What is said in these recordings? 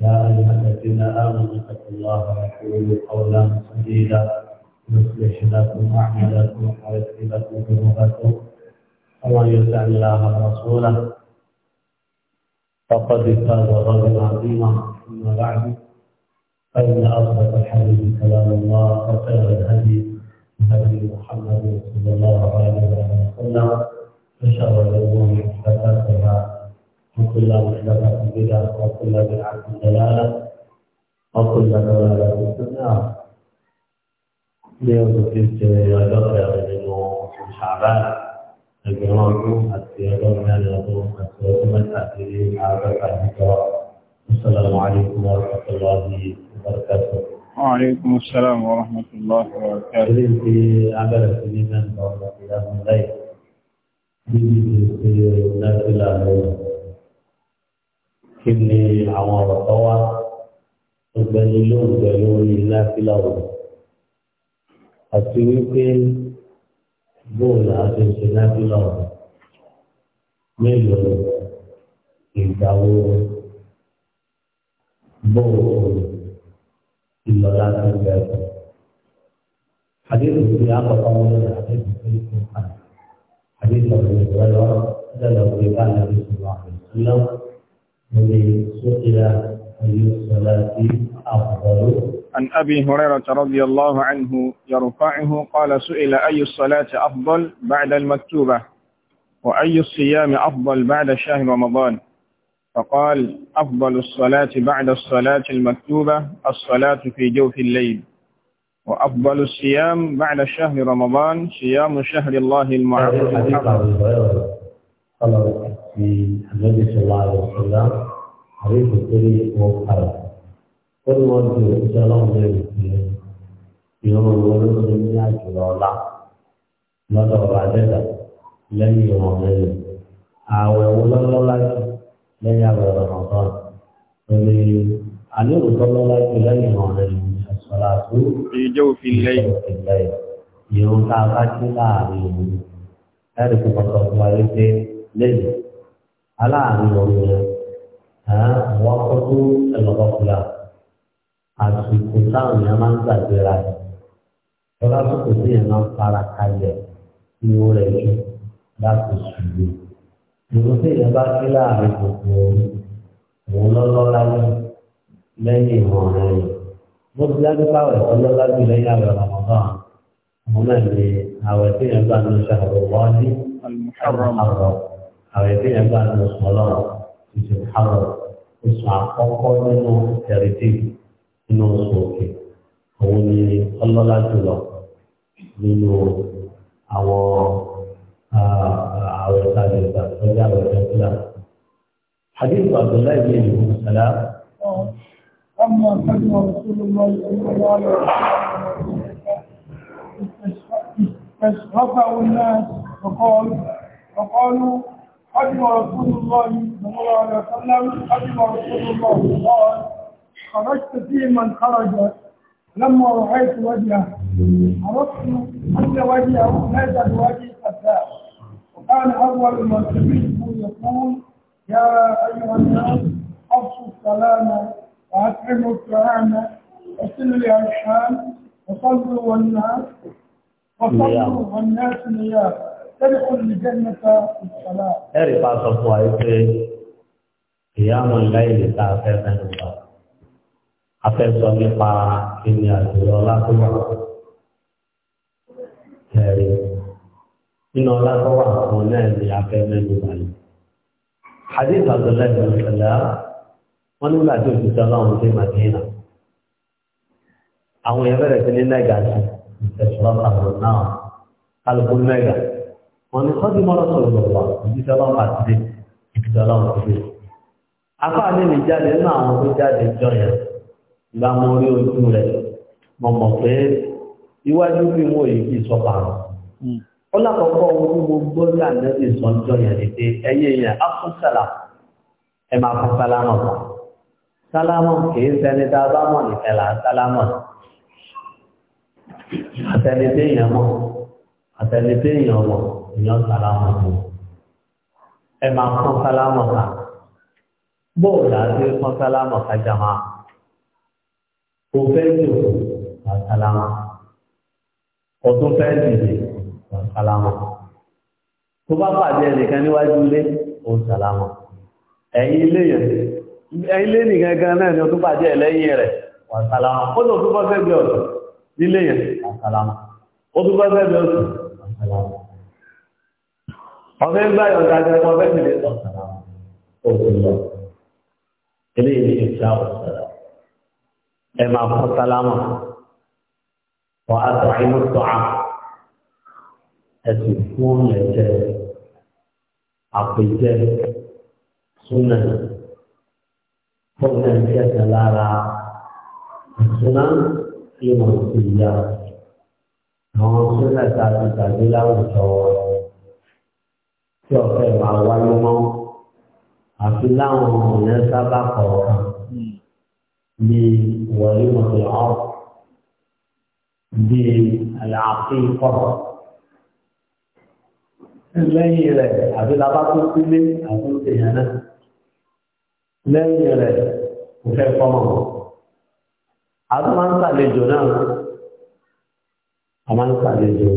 يا أيها الذين آمنوا اتقوا الله وقولوا قولا سديدا يصلح لكم أعمالكم ويغفر لكم ذنوبكم ومن يطع الله ورسوله فقد فاز رجلا عظيما أما بعد فإن أصدق الحديث كلام الله وخير الهدي هدي محمد صلى الله عليه وسلم وشر الأمور محدثاتها وكل محدثة بدعة وكل بدعة ضلالة وكل ضلالة في النار اليوم كنت يا دكتور انه شعبان الجماعة حتى يدور على يدور حتى يتمتع به معرفة السلام عليكم ورحمة الله وبركاته وعليكم السلام ورحمة الله وبركاته. في عمل سليمان الله إله الليل. في نازل عليه kí ni àwọn ọ̀rọ̀ tó wá ọgbẹ́ni ló ń bẹ̀ lórí náfìlà òun àti wípé bóòlù àti ṣe náfìlà òun mélòó ìgbà bóòlù ìlọ́lá tó ń bẹ̀ fún. حديث في عقل قوله حديث في حديث أبي هريرة رضي الله عنه النبي صلى الله عليه وسلم سئل أي الصلاة أفضل عن أبي هريرة رضي الله عنه يرفعه قال سئل أي الصلاة أفضل بعد المكتوبة وأي الصيام أفضل بعد شهر رمضان فقال أفضل الصلاة بعد الصلاة المكتوبة الصلاة في جوف الليل وأفضل الصيام بعد شهر رمضان صيام شهر الله المعروف kọ́lọ̀ àti àlọ́bìsọ̀lá àlọ́sọ̀lá àrí ìkòkòrò wọn kàrà. wọ́n ní wọ́n di òṣìṣẹ́ ọlọ́run lẹ́yìn pé ìrọ̀rùn wọn ló ṣe ní àjùlọ ọ̀la lọ́dọ̀ ọba àdẹ́dà lẹ́yìn ìwọ̀n lẹ́yìn. ààwẹ̀ wo lọ́lọ́lá jù lẹ́yìn àwẹ̀ ọ̀rọ̀ lórí àlérò lọ́lọ́lá jù lẹ́yìn ìwọ̀n lẹ́yìn ìṣọ̀lá tó ìjẹ́ òfin lẹ́yìn ìrun tá a bá dé láàrin ìlú ẹ̀rí kò kọ̀ọ̀kan wáyé pé lẹ́yìn aláàánú ọ̀rọ̀ àwọn akọ́tún ẹlọ́kọ̀ọ́kùnrin àsìkò táwọn èèyàn máa ń gbàgbéra rẹ̀ tọ́lá tó kò sí èèyàn máa ń fara kalẹ̀ ní owó rẹ̀ jù láti ṣùgbọ́n ìlú tí èèyàn bá fi láàrin gbogbo orí òun lọ́lọ́ láyé lẹ́yìn ìwọ̀n rẹ̀ mo ti dájú pé àwẹ̀ tó lọ́lá jù lẹ́yìn àwẹ̀ Ramadan àwọn náà ní àwẹ̀ tí èèyàn gbà ní oṣù àwẹ̀ wọ́n ní àrọ̀ àwọn ẹgbẹ́ yẹn gbà lọ sọ lọ́wọ́ oṣù àrọ̀ oṣù àkọ́kọ́ nínú tẹ̀rẹ̀tì nínú oṣù òkè òun ni ọlọ́lá jùlọ nínú àwọn àwọn ẹ̀ka ìgbà lórí àwọn ẹ̀ka ìgbà. حديث عبد الله بن سلام أما حكم رسول الله صلى الله عليه وسلم استشرفه الناس فقال فقالوا قدم رسول الله صلى الله عليه وسلم قدم رسول الله قال خرجت في من خرج لما رأيت وجهه عرفت أن وجهه هذا الوجه فتاة وكان أول ما سمعته يقول يا أيها الناس أبصوا السلام وأكرموا الكرامة وصلوا لأرحام وصلوا والناس وصلوا والناس نيابة ẹ̀rì bá sọ fún wa wípé ìyáàmù láìlè tá a fẹ́ mẹ́rin bá a fẹ́ sọ nípa ìní àjòyọ látọ́wà ẹ̀rì nínú látọ́wà kan náà ni a fẹ́ mẹ́rin bá yìí. hadith abdullahi bin sallah wọn nígbà tí òṣìṣẹ́ ọlọ́run dé madina àwọn èèyàn bẹ̀rẹ̀ sí ní náà alùpùpù nẹ́gà wọ́n ní kọ́ bí mọ́rọ́ sọ̀rọ̀ lọ́wọ́ ìdíje ọlọ́run àti dé ìdíje ọlọ́run àti dé. afá ní mi jáde nínú àwọn tó jáde jọ yẹn ìgbà mo rí ojú rẹ̀ mo mọ̀ pé iwájú bí mo yìí kì í sọ pààrọ̀. Hmm. ó lákọ̀ọ́kọ́ ohun tí mo gbọ́ ní àdébì sọ jọ ni pé ẹyẹ yẹn afúnṣàlà ẹ máa fún sálámọ̀ sálámọ̀ kì í sẹni tá a bá mọ̀ nìkan là ń àtẹnidé yẹn mọ̀ àtẹnidé yẹn mọ̀ èèyàn sàlámù kù ẹ máa fọ́n sálámù kà bóòlù àti fọ́n sálámù kà jàmá kò fẹ́ jù wà sálámù ọdún fẹ́ dìde wà sálámù tó bá pàdé ẹnìkan níwájú ilé ó sálámù ẹ̀yìn ilé yẹn ẹ̀yìn ilé nìkan gan náà ni ó pàdé ẹ̀ rẹ̀ wà sálámù ó lò tó bá fẹ́ bí ọ̀sán ilé yẹn wà sálámù ó tún bá fẹ́ bí ọ̀sán ọmọ ẹgbẹ́ yọ̀ǹda jẹ́ ọmọ ẹgbẹ́ ìdílé ọ̀sán òkun lọ eléyìí ní ìṣá ọ̀sán ẹ máa fọ́ sálámà wọ́n á tọ́ inú tọ́ a sì fún ẹ̀jẹ̀ àpèjẹ súnà fún ẹ̀jẹ̀ kan lára súnà ìmọ̀ sí àwọn súnà tá ti tàbí láwùjọ wọn tí ọ̀fẹ́ wà wáyé mọ́ àfi láwọn ọ̀nà sábà kọ̀ọ̀kan bí wọlé mọ̀tò ọ̀f bí àlàáfíà kọ̀ọ̀. lẹ́yìn rẹ̀ àfi lábá tó sílé àti èèyàn náà lẹ́yìn rẹ̀ kò fẹ́ fọ́mọ̀. àti máa ń sàlejò náà a máa ń sàlejò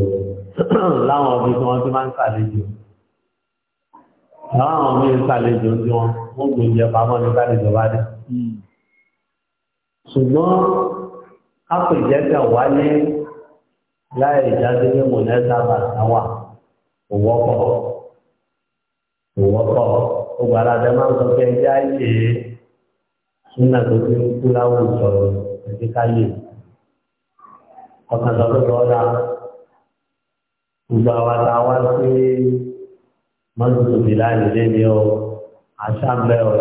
láwọn ọdún tí wọ́n ti máa ń sàlejò láwọn mí ń sàlejò tí wọn wọn gbé oúnjẹ pamọ́ ní sàlejò bá dé. Hmm. ṣùgbọ́n àpèjẹ́kẹ̀ wáyé láì jáde ní mọ̀lẹ́sà bàtàwà kò wọ́pọ̀ kò wọ́pọ̀ gbogbo aládé máa ń sọ pé ẹjẹ́ àìyé súnà tó fi ń kú láwùjọ ẹ̀jẹ̀ káyè ọkàn sọ pé kọ́ dá gbogbo àwọn àtàwọn sí mọ́tò bí láìlé ní ọ àṣàmẹ́ ọ.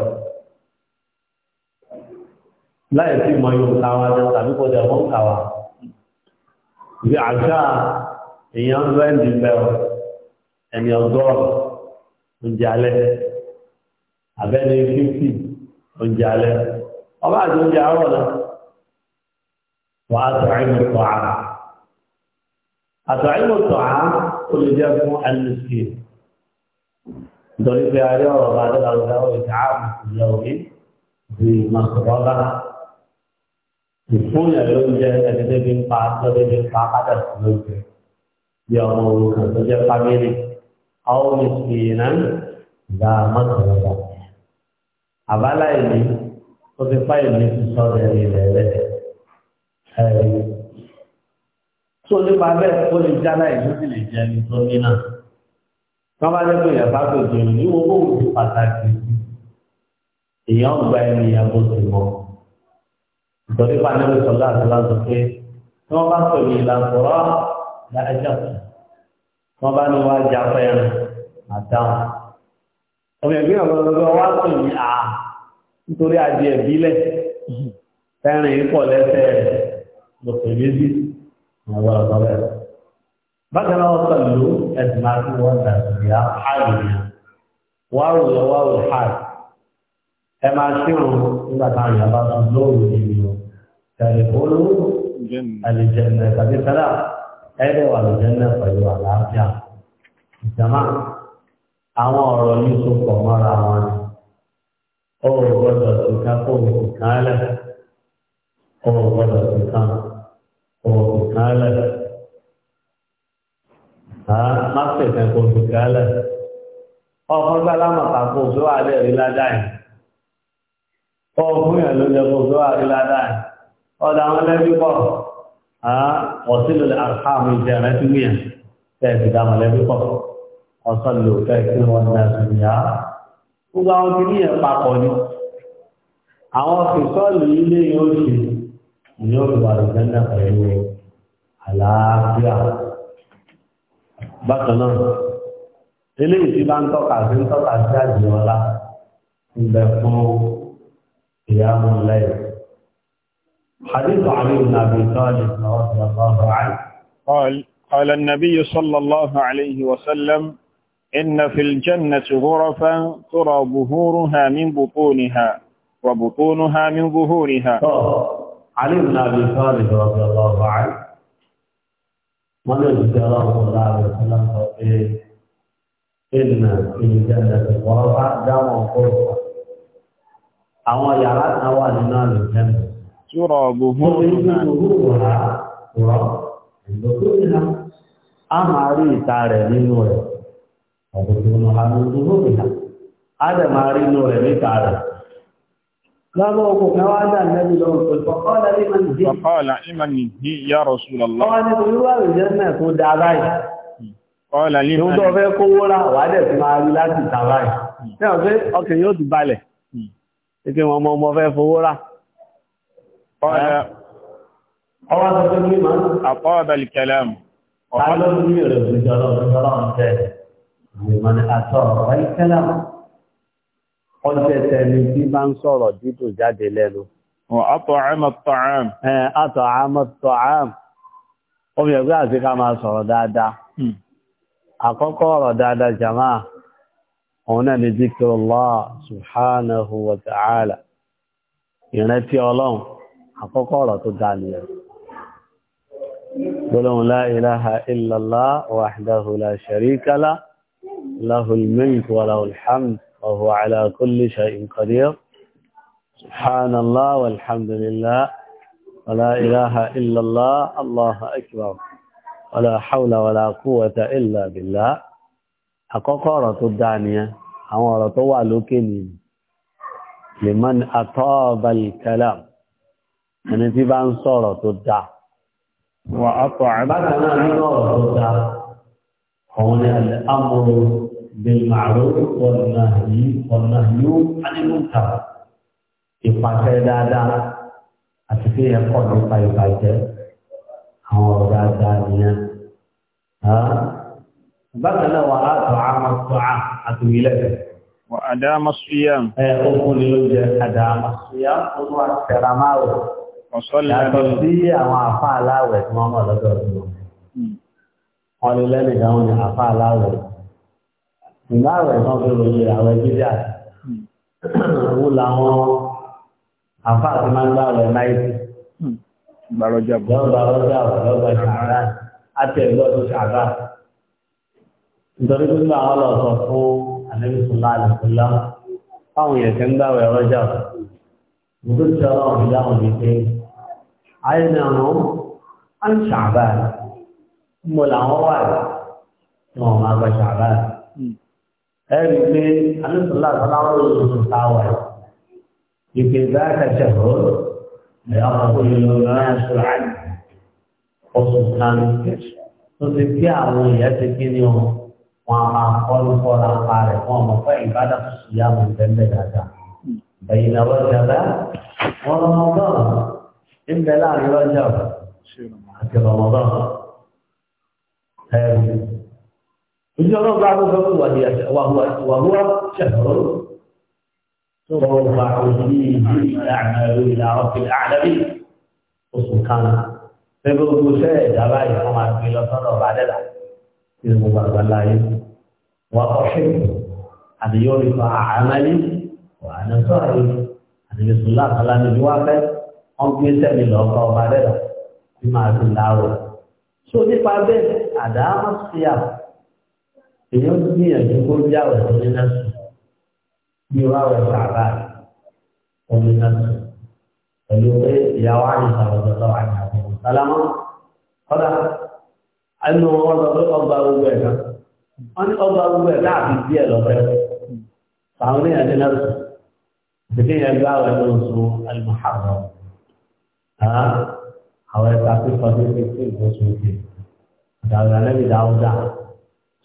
láì sí mọ yóò ká wa náà tàbí kò dẹ̀ wọ́n kà wá. ìwé àṣà èèyàn ń rẹ́ǹdì bẹ́ ọ ẹni ọgọ́rùn oúnjẹ alẹ́ abẹ́ni fífì oúnjẹ alẹ́ ọba àti oúnjẹ àárọ̀ náà wà á tọ̀ ẹ́ mi tọ̀ á. àtọ̀ ẹ́ mi tọ̀ lè jẹ́ fún ẹni sí i nítorí pé ayé ọ̀rọ̀ bá dé láwùjọ àwọn ìjà àmùsùlùmí di màkùrọ́lá ìfúnyà lóúnjẹ ẹni débi ń pa tó débi ń pa padà sí lóúnjẹ bí ọmọ òrukàn tó jẹ fámìlì àwọn mìsì náà ìdá mọ́tòlọ́lá àbálá ìní ó ti pa ìní sísọ rẹ̀ ilẹ̀ rẹ̀ ẹ̀rí tó nípa bẹ́ẹ̀ ó lè jálá ìlú sì lè jẹ́ ẹni tó ní náà wọ́n bá dẹ́kun yẹn bá tó jẹun ní owó òun ti pàtàkì èèyàn gba ènìyàn bó ti mọ̀ nítorí pa níbi sọ̀lá àti láti pé tí wọ́n bá pè mí ìlàkùrọ̀ lájà wọ́n bá ní wàá já fẹ́ràn àdáhùn ọmọ ẹgbẹ́ ọ̀gọ́gọ́ wàá pè mí à nítorí adìẹ bílẹ̀ fẹ́ràn ìpọ̀ lẹ́sẹ̀ lọ́pẹ̀ méjì àwọn ọ̀gá bẹ́ẹ̀ bákan náà wọ́n pẹ̀lú ẹ̀sìn máa fi wọ́n dà sí ya háàlì ni wáwù yẹ wáwù háàlì ẹ máa ṣírun nígbà táwọn èèyàn bá tún lóòrù níbi o tẹlifóònù àlìjẹnẹ tàbí fẹlẹ ẹdẹ wà lìjẹnẹ pẹ̀lú àlàáfíà ìjàmá àwọn ọ̀rọ̀ yìí tó pọ̀ mọ́ra wọn ni ó gbọ́dọ̀ tó ká kó òkú kan lẹ̀ ó gbọ́dọ̀ tó kán. má fẹsẹ̀ kò tó gálẹ̀ ọkùnrin gbàlámà kàkó tó wà lẹ́ rí ládáì ọkùnrin yẹn ló yẹ kó tó wà rí ládáì ọ̀dà àwọn lẹ́bí pọ̀ ọ̀sìn lòlẹ̀ àkàmù ìjẹ̀rẹ̀ tó wù yẹn tẹ̀sí dáwọn lẹ́bí pọ̀ ọ̀sán lò tẹ̀sí wọn náà sì yá gbogbo àwọn tí ní ẹ̀ papọ̀ ni àwọn fìsọ́ọ̀lù ilé yóò ṣe ìyóò bákan náà eléyìí tí bá ń tọ́ka sí ń tọ́ka sí àjẹ́ ń bẹ fún ìyáàmú lẹ́yìn. حديث علي بن ابي طالب رضي الله عنه قال قال النبي صلى الله عليه وسلم ان في الجنه غرفا ترى ظهورها من بطونها وبطونها من ظهورها علي بن ابي طالب رضي الله عنه wọ́n lè dùn ọ̀rọ̀ ọ̀la rẹ̀ fún náà sọ pé ènìyàn èyí jẹ́nà ti wọ́n bá dáwọn fọ́ọ̀fà àwọn yàrá kan wà nínú àlè jẹ́nà. Túrọ̀ gbogbo náà. Ó fi gbogbo rà rọ̀ ìgbòkó nínú. A máa rí ìta rẹ̀ nínú rẹ̀. Ọ̀gbọ̀gbọ̀ náà ló dúró nínú. A dẹ̀ máa rí inú rẹ̀ níta rẹ̀. فقال إمن هي يا رسول الله قال لي tó fẹ́ kówó rà wà dẹ̀ tí máa rí láti tàbáyì hmm. hmm. ní ọjọ́ tẹni tí bá ń sọ̀rọ̀ dídùn jáde lẹ́nu. At'ama at'am. At'ama at'am. Ó fi ẹ̀gbẹ́ àti ká máa sọ̀rọ̀ dáadáa. Hmm. Àkọ́kọ́ ọ̀rọ̀ dáadáa jàmá, òun náà ni zikrullah subhanahu wa ta'ala. Ìrántí Ọlọ́run, àkọ́kọ́ ọ̀rọ̀ tó dáa nìyẹn. Gbólóhùn la ilaha illallah wahdahu la sharika وهو على كل شيء قدير سبحان الله والحمد لله ولا إله إلا الله الله أكبر ولا حول ولا قوة إلا بالله أقرأت الدانية أمرت وعلوكين لمن أطاب الكلام أنا في بان صورة الدع وأطعم من صورة الدع هنا الأمر بالمعروف والنهي والنهي عن المنكر ìpàṣẹ dáadáa àti pé ẹ̀kọ́ nípa ìbàjẹ́ àwọn ọ̀rọ̀ dáadáa nìyẹn. bákan náà wà á tọ́ àwọn tọ́ à àtúwìlẹ̀. wà á dá máa súyà. ẹ ogún ni ó jẹ àdá máa súyà ogún àtẹ̀rà máa wẹ̀. yàtọ̀ sí àwọn àfa aláwẹ̀ tí wọ́n mọ̀ lọ́dọ̀ ọdún wọn. Hmm. wọ́n lè lẹ́nu àfa aláwẹ̀ ìgbà àwẹ̀ kan fi ròyìn àwẹ̀ jíjẹ àti owó làwọn àfa àti máa ń gbà àwẹ̀ náírà. Hmm. Gbàrọ̀jà bọ̀. Lọ́ba ọjà bọ̀ lọ́ba ṣàrà àti ẹ̀gbọ́n tó ṣàrà. Nítorí pé nígbà wọn lọ sọ fún Ànábì Sùnlá Àlùfúnlá fáwọn èèyàn kan gbà àwẹ̀ ọjà. Nítorí tí ọlọ́run fi dáhùn ní pé ayé àwọn á ń làwọn wà ní ẹ̀rí pé alùpùpù aláwọ̀ lòdùn táwà ìpè bá kàṣẹ hó ẹ̀yà ọkùnrin lòdùn náà ṣòro àjù oṣù kan tó ti kí àwọn èèyàn ti kí ni wọn wọn a máa kọ́ ló kọ́ ra pa rẹ̀ wọn mọ̀ fẹ́ ìbádà tó sì yá wọn bẹ́ẹ̀ dáadáa ẹ̀yìn náà wọ́n jàdá wọn Ramadan ń bẹ láàrin lọ́jà àti Ramadan ẹ̀rí. Ìjọ náà bá gbogbo ọmọ ìwà wàhúwà ṣẹ̀fọ́rọ́. Sọ̀rọ̀ bá òní ìlú ìlànà ìlà ọ̀fìn àdàbí oṣù kan. Fẹ́ gbogbo iṣẹ́ ẹ̀dá báyìí wọ́n máa gbé lọ sọ́dọ̀ ọba dẹ́dà tí mo gbàgbà láyé. Wà á ṣe àdéyọ́ nípa àmàlí wà á nà sọ́ọ̀rọ̀ àdéyọ́ sùn láàkàlà èyí ó gbìyànjú kó jẹ́ àwẹ̀ tó ní náà sùn bí wọ́n àwẹ̀ bàbá tó ní náà sùn pẹ̀lú pé ìyàwó àyíká ọ̀dọ́dọ́ àyíká ọ̀dọ́ sálámọ́ kọ́dà ẹnu wọn sọ pé ọba gbogbo ẹ̀ náà wọ́n ní ọba gbogbo ẹ̀ láàbí díẹ̀ lọ́fẹ́ fàwọn èèyàn ní náà sùn ìdílé yẹn gbá àwẹ̀ náà sùn alimuhamadu àwọn ẹ̀ka fífọ́ sí fífi ìgbésùn ìgbé ìdàgbà lẹ́bi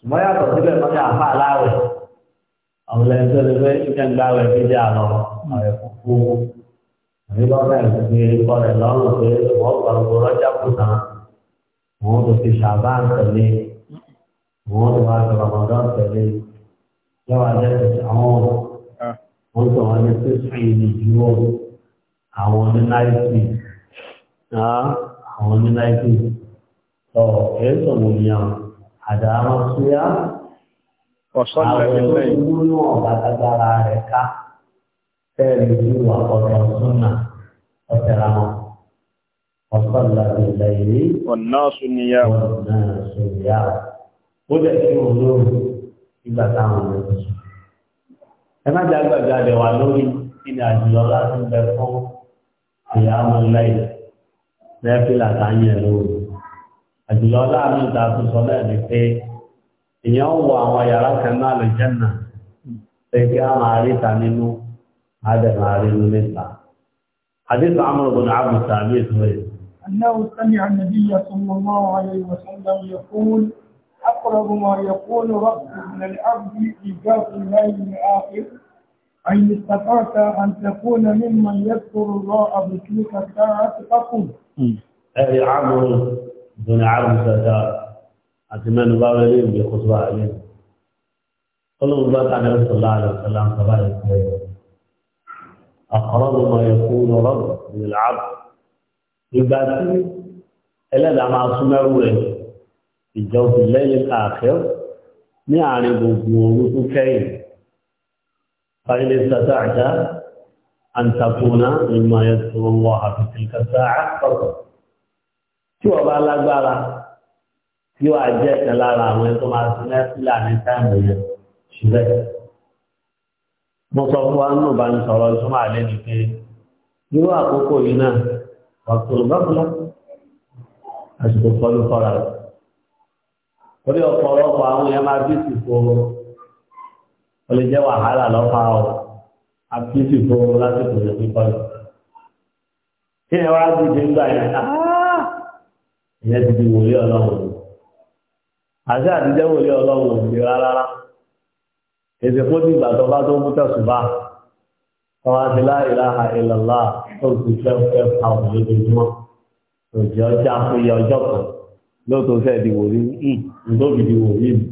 ṣùgbọ́n yàtọ̀ síbẹ̀ lọ́jà àfa aláwẹ̀ àwọn ẹni tó lè fẹ́ ìkẹ́ ń gbáwẹ̀ dídí àlọ́ ọ̀rẹ́ fúnfún àbí lọ́nà ìgbìgbì kọlẹ̀ lọ́rùn pé wọ́n gbàgbọ́ lọ́jà kù tán wọ́n tó fi ṣàbá ń tẹ̀lé wọ́n tó wá sọ̀rọ̀ ọ̀dọ́ tẹ̀lé lọ́wọ́ àwọn wọ́n àwọn onínáìtì àdáwọ́ súyá àwọn olóògùn náà bàtàgbára rẹ̀ ká fẹ́ẹ̀rẹ̀ ìlú àkọ́tọ̀ súnà ọ̀tẹ̀ra wọn ọ̀sọ́lá ìlà ìlú ọ̀nà súnìyà ọ̀nà súnìyà ó dẹ̀ sí olóògùn nígbà táwọn ọmọ ẹ̀sìn sùn. ẹ má jẹ́ wà lórí kíni àjùlọ láti bẹ fún ìyá ọmọ lẹ́yìn lẹ́fìlà táyẹ̀ lóru. أجل láàánú ìta tó sọ náà ni pé èèyàn ń wo àwọn yàrá kan náà lè هذا pé kí á حديث عمرو بن عبد الثابت أنه سمع النبي صلى الله عليه وسلم يقول أقرب ما يقول رب من العبد إيجاب الليل الآخر أي استطعت أن تكون ممن يذكر الله بتلك الساعة فقل. أي عمرو دون عرب سادة أتمنى بابا لي بخطبة عليه قالوا الله تعالى صلى الله عليه وسلم تبارك أقرب ما يكون رب من العبد يباتي إلا دعما سمعوه في جوف الليل الآخر يعني بوضوء كين فإن استطعت أن تكون مما يذكر الله في تلك الساعة فقط tí wọ́n bá lágbára tí wọ́n á jẹ́ ẹ̀kan lára àwọn ẹni tó máa ti lẹ́sílà ní táìmù yẹn ṣùgbẹ́. mo sọ fún wa nínú ìbánisọ̀rọ̀ ìsúnmọ́ àlẹ́ ni pé irú àkókò yìí náà ọ̀tún bákúlá àsìkò kọlu kọra rẹ̀. orí ọ̀pọ̀lọpọ̀ àwọn yẹn máa bí ìsìnkú o lè jẹ́ wàhálà lọ́fà o àti ìsìnkú lásìkò yẹn kíkọ́ kí ni wàá dìde ńgbà yẹn? Ah, ìyẹn ti di wòlé ọlọ́run ni àti àtijọ́ wòlé ọlọ́run ò ní rárá èsì kó ti ìgbà bá tó mú tẹ̀sùbá tọ́wá ti la ilaha illallah tó ti fẹ́ fẹ́ pa òun lójoojúmọ́ òjì ọjà fún iye ọjọ́ kan lóòótọ́ fẹ́ di wòlé ńlóbi di wòlé mi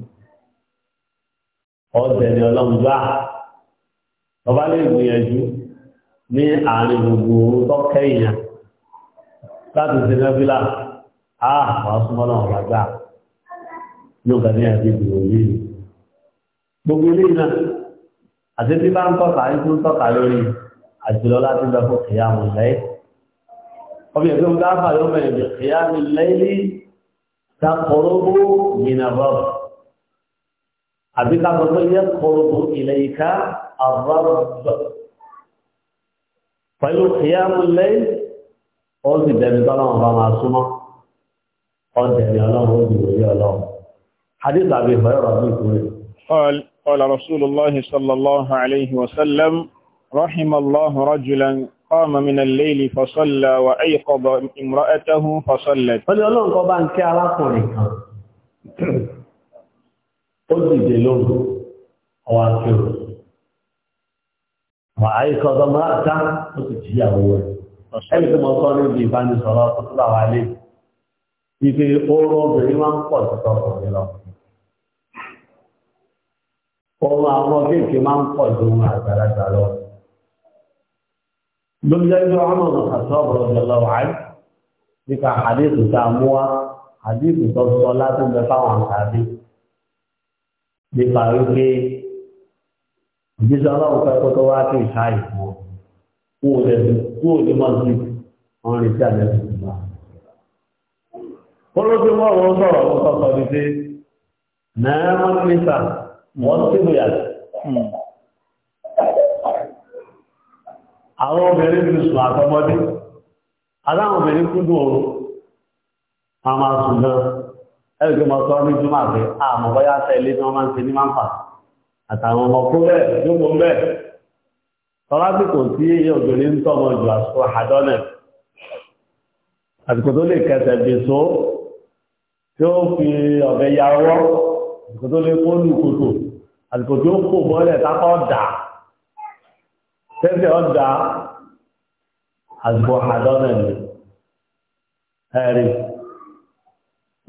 ọ̀sẹ̀ ni ọlọ́run gbà ọba lè gbìyànjú ní àárín gbogbo orúkọ kẹ́yìn láti ṣe náfìlà. Ah, àwọn súnmọ́lọ́ ọ̀rọ̀ àgbà yóò gbà ní àti ìgbìmọ̀ yìí gbogbo ilé iná àti tí bá ń tọ́ka ikú ń tọ́ka lórí àjùlọ láti lọ fún kìyà mọ̀ lẹ́yìn ọmọ ẹgbẹ́ ń gáfà yóò mẹ́rin bí kìyà mi lẹ́yìn takọrọ́bù yìnbọn àbí kábọ̀tọ́ yẹ kọrọ́bù ilẹ̀ ìka àrọ́bù pẹ̀lú kìyà mọ̀ lẹ́yìn ó sì bẹ̀rẹ̀ tọ́lọ́mọ̀ bá máa súnmọ́ ọ̀dẹ̀ni ọlọ́run ó dìbò ní ọlọ́run. Hadith àbí ìfẹ́rọ̀ ní ìkúrẹ́. Qala Rasulullah sallallahu alayhi wa sallam, rahim Allah rajulan qama min al-layli fa salla wa ayqadha imra'atahu fa sallat. Ó ní ọlọ́run kọ́ bá ń kí arákùnrin kan. Ó dìde lóru, ọwá kírò. Wa ayqadha imra'atahu ó sì jíyàwó rẹ̀. Ẹni tí mo sọ níbi ìbánisọ̀rọ̀ tó tó bá wà lẹ́yìn. Ibi oorun obìnrin máa ń pọ̀ sí tọkùnrin lọ. Oorun àwọn kéèké máa ń pọ̀ sí ohun àgbàlagbà lọ. Lórí ẹgbẹ́ ọmọ ọ̀nà àti ọ̀bọ̀rọ̀ ọ̀dọ̀ lọ wáyé nípa àdéhùn tá a mú wá àdéhùn tó sọ láti bẹ fáwọn àǹtàdé. Nípa wípé ìjíṣẹ́ ọlọ́run fẹ́ kó tó wá sí ìṣáà ìfún ọ. Kó o lè sí ọ̀rìn sí àdéhùn ìgbà olóṣù mọ́ wọn sọ̀rọ̀ wọn sọ̀tọ̀ ní pé náà wọ́n ní sà wọ́n sì bù yàtọ̀. àwọn obìnrin ti sùn àtọmọdé aláwọn obìnrin kúndùn oorun a máa sùn náà ẹ̀rù tó máa sọ ní jùmọ̀ àgbẹ̀ àmọ́ bọ́yá sẹ́ ilé tí wọ́n máa ń ṣe ní máa ń fà àtàwọn ọmọ kó bẹ́ẹ̀ jókòó ń bẹ́ẹ̀ tọ́lásìkò tí èyí obìnrin ń tọ́mọ jù àsìkò àdọ́nẹ̀ àsìkò tó lè kẹsẹ̀ bèso tí ó fi ọ̀bẹ ya ọwọ́ àsìkò tó lè kó lù kòtò àsìkò tí ó kò mọ́lẹ̀ tápá ọ̀dà tẹ́sẹ̀ ọ̀dà àsìkò àdọ́nà ẹ̀mí ẹ̀rí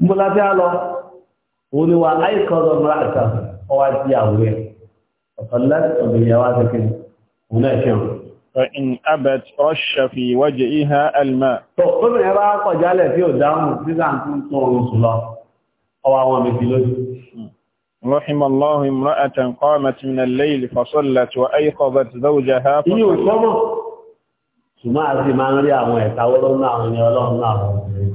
mbọ́lá tí a lọ òun ni wà áìkọ́ ọ̀dọ́mọ́lá àti ọwá tí a wúrẹ́ ọ̀pọ̀lọpọ̀ ìyàwó àti kìnnìún náà ṣe فإن أبت رش في وجهها الماء تقول يا بقى قجالة فيه دام نزعن تنطور رسولا أو عوام الدلوج رحم الله امرأة قامت من الليل فصلت وأيقظت زوجها فصلت ṣùgbọ́n àti máa ń rí àwọn ẹ̀ta ọlọ́run náà àwọn ènìyàn ọlọ́run náà àwọn obìnrin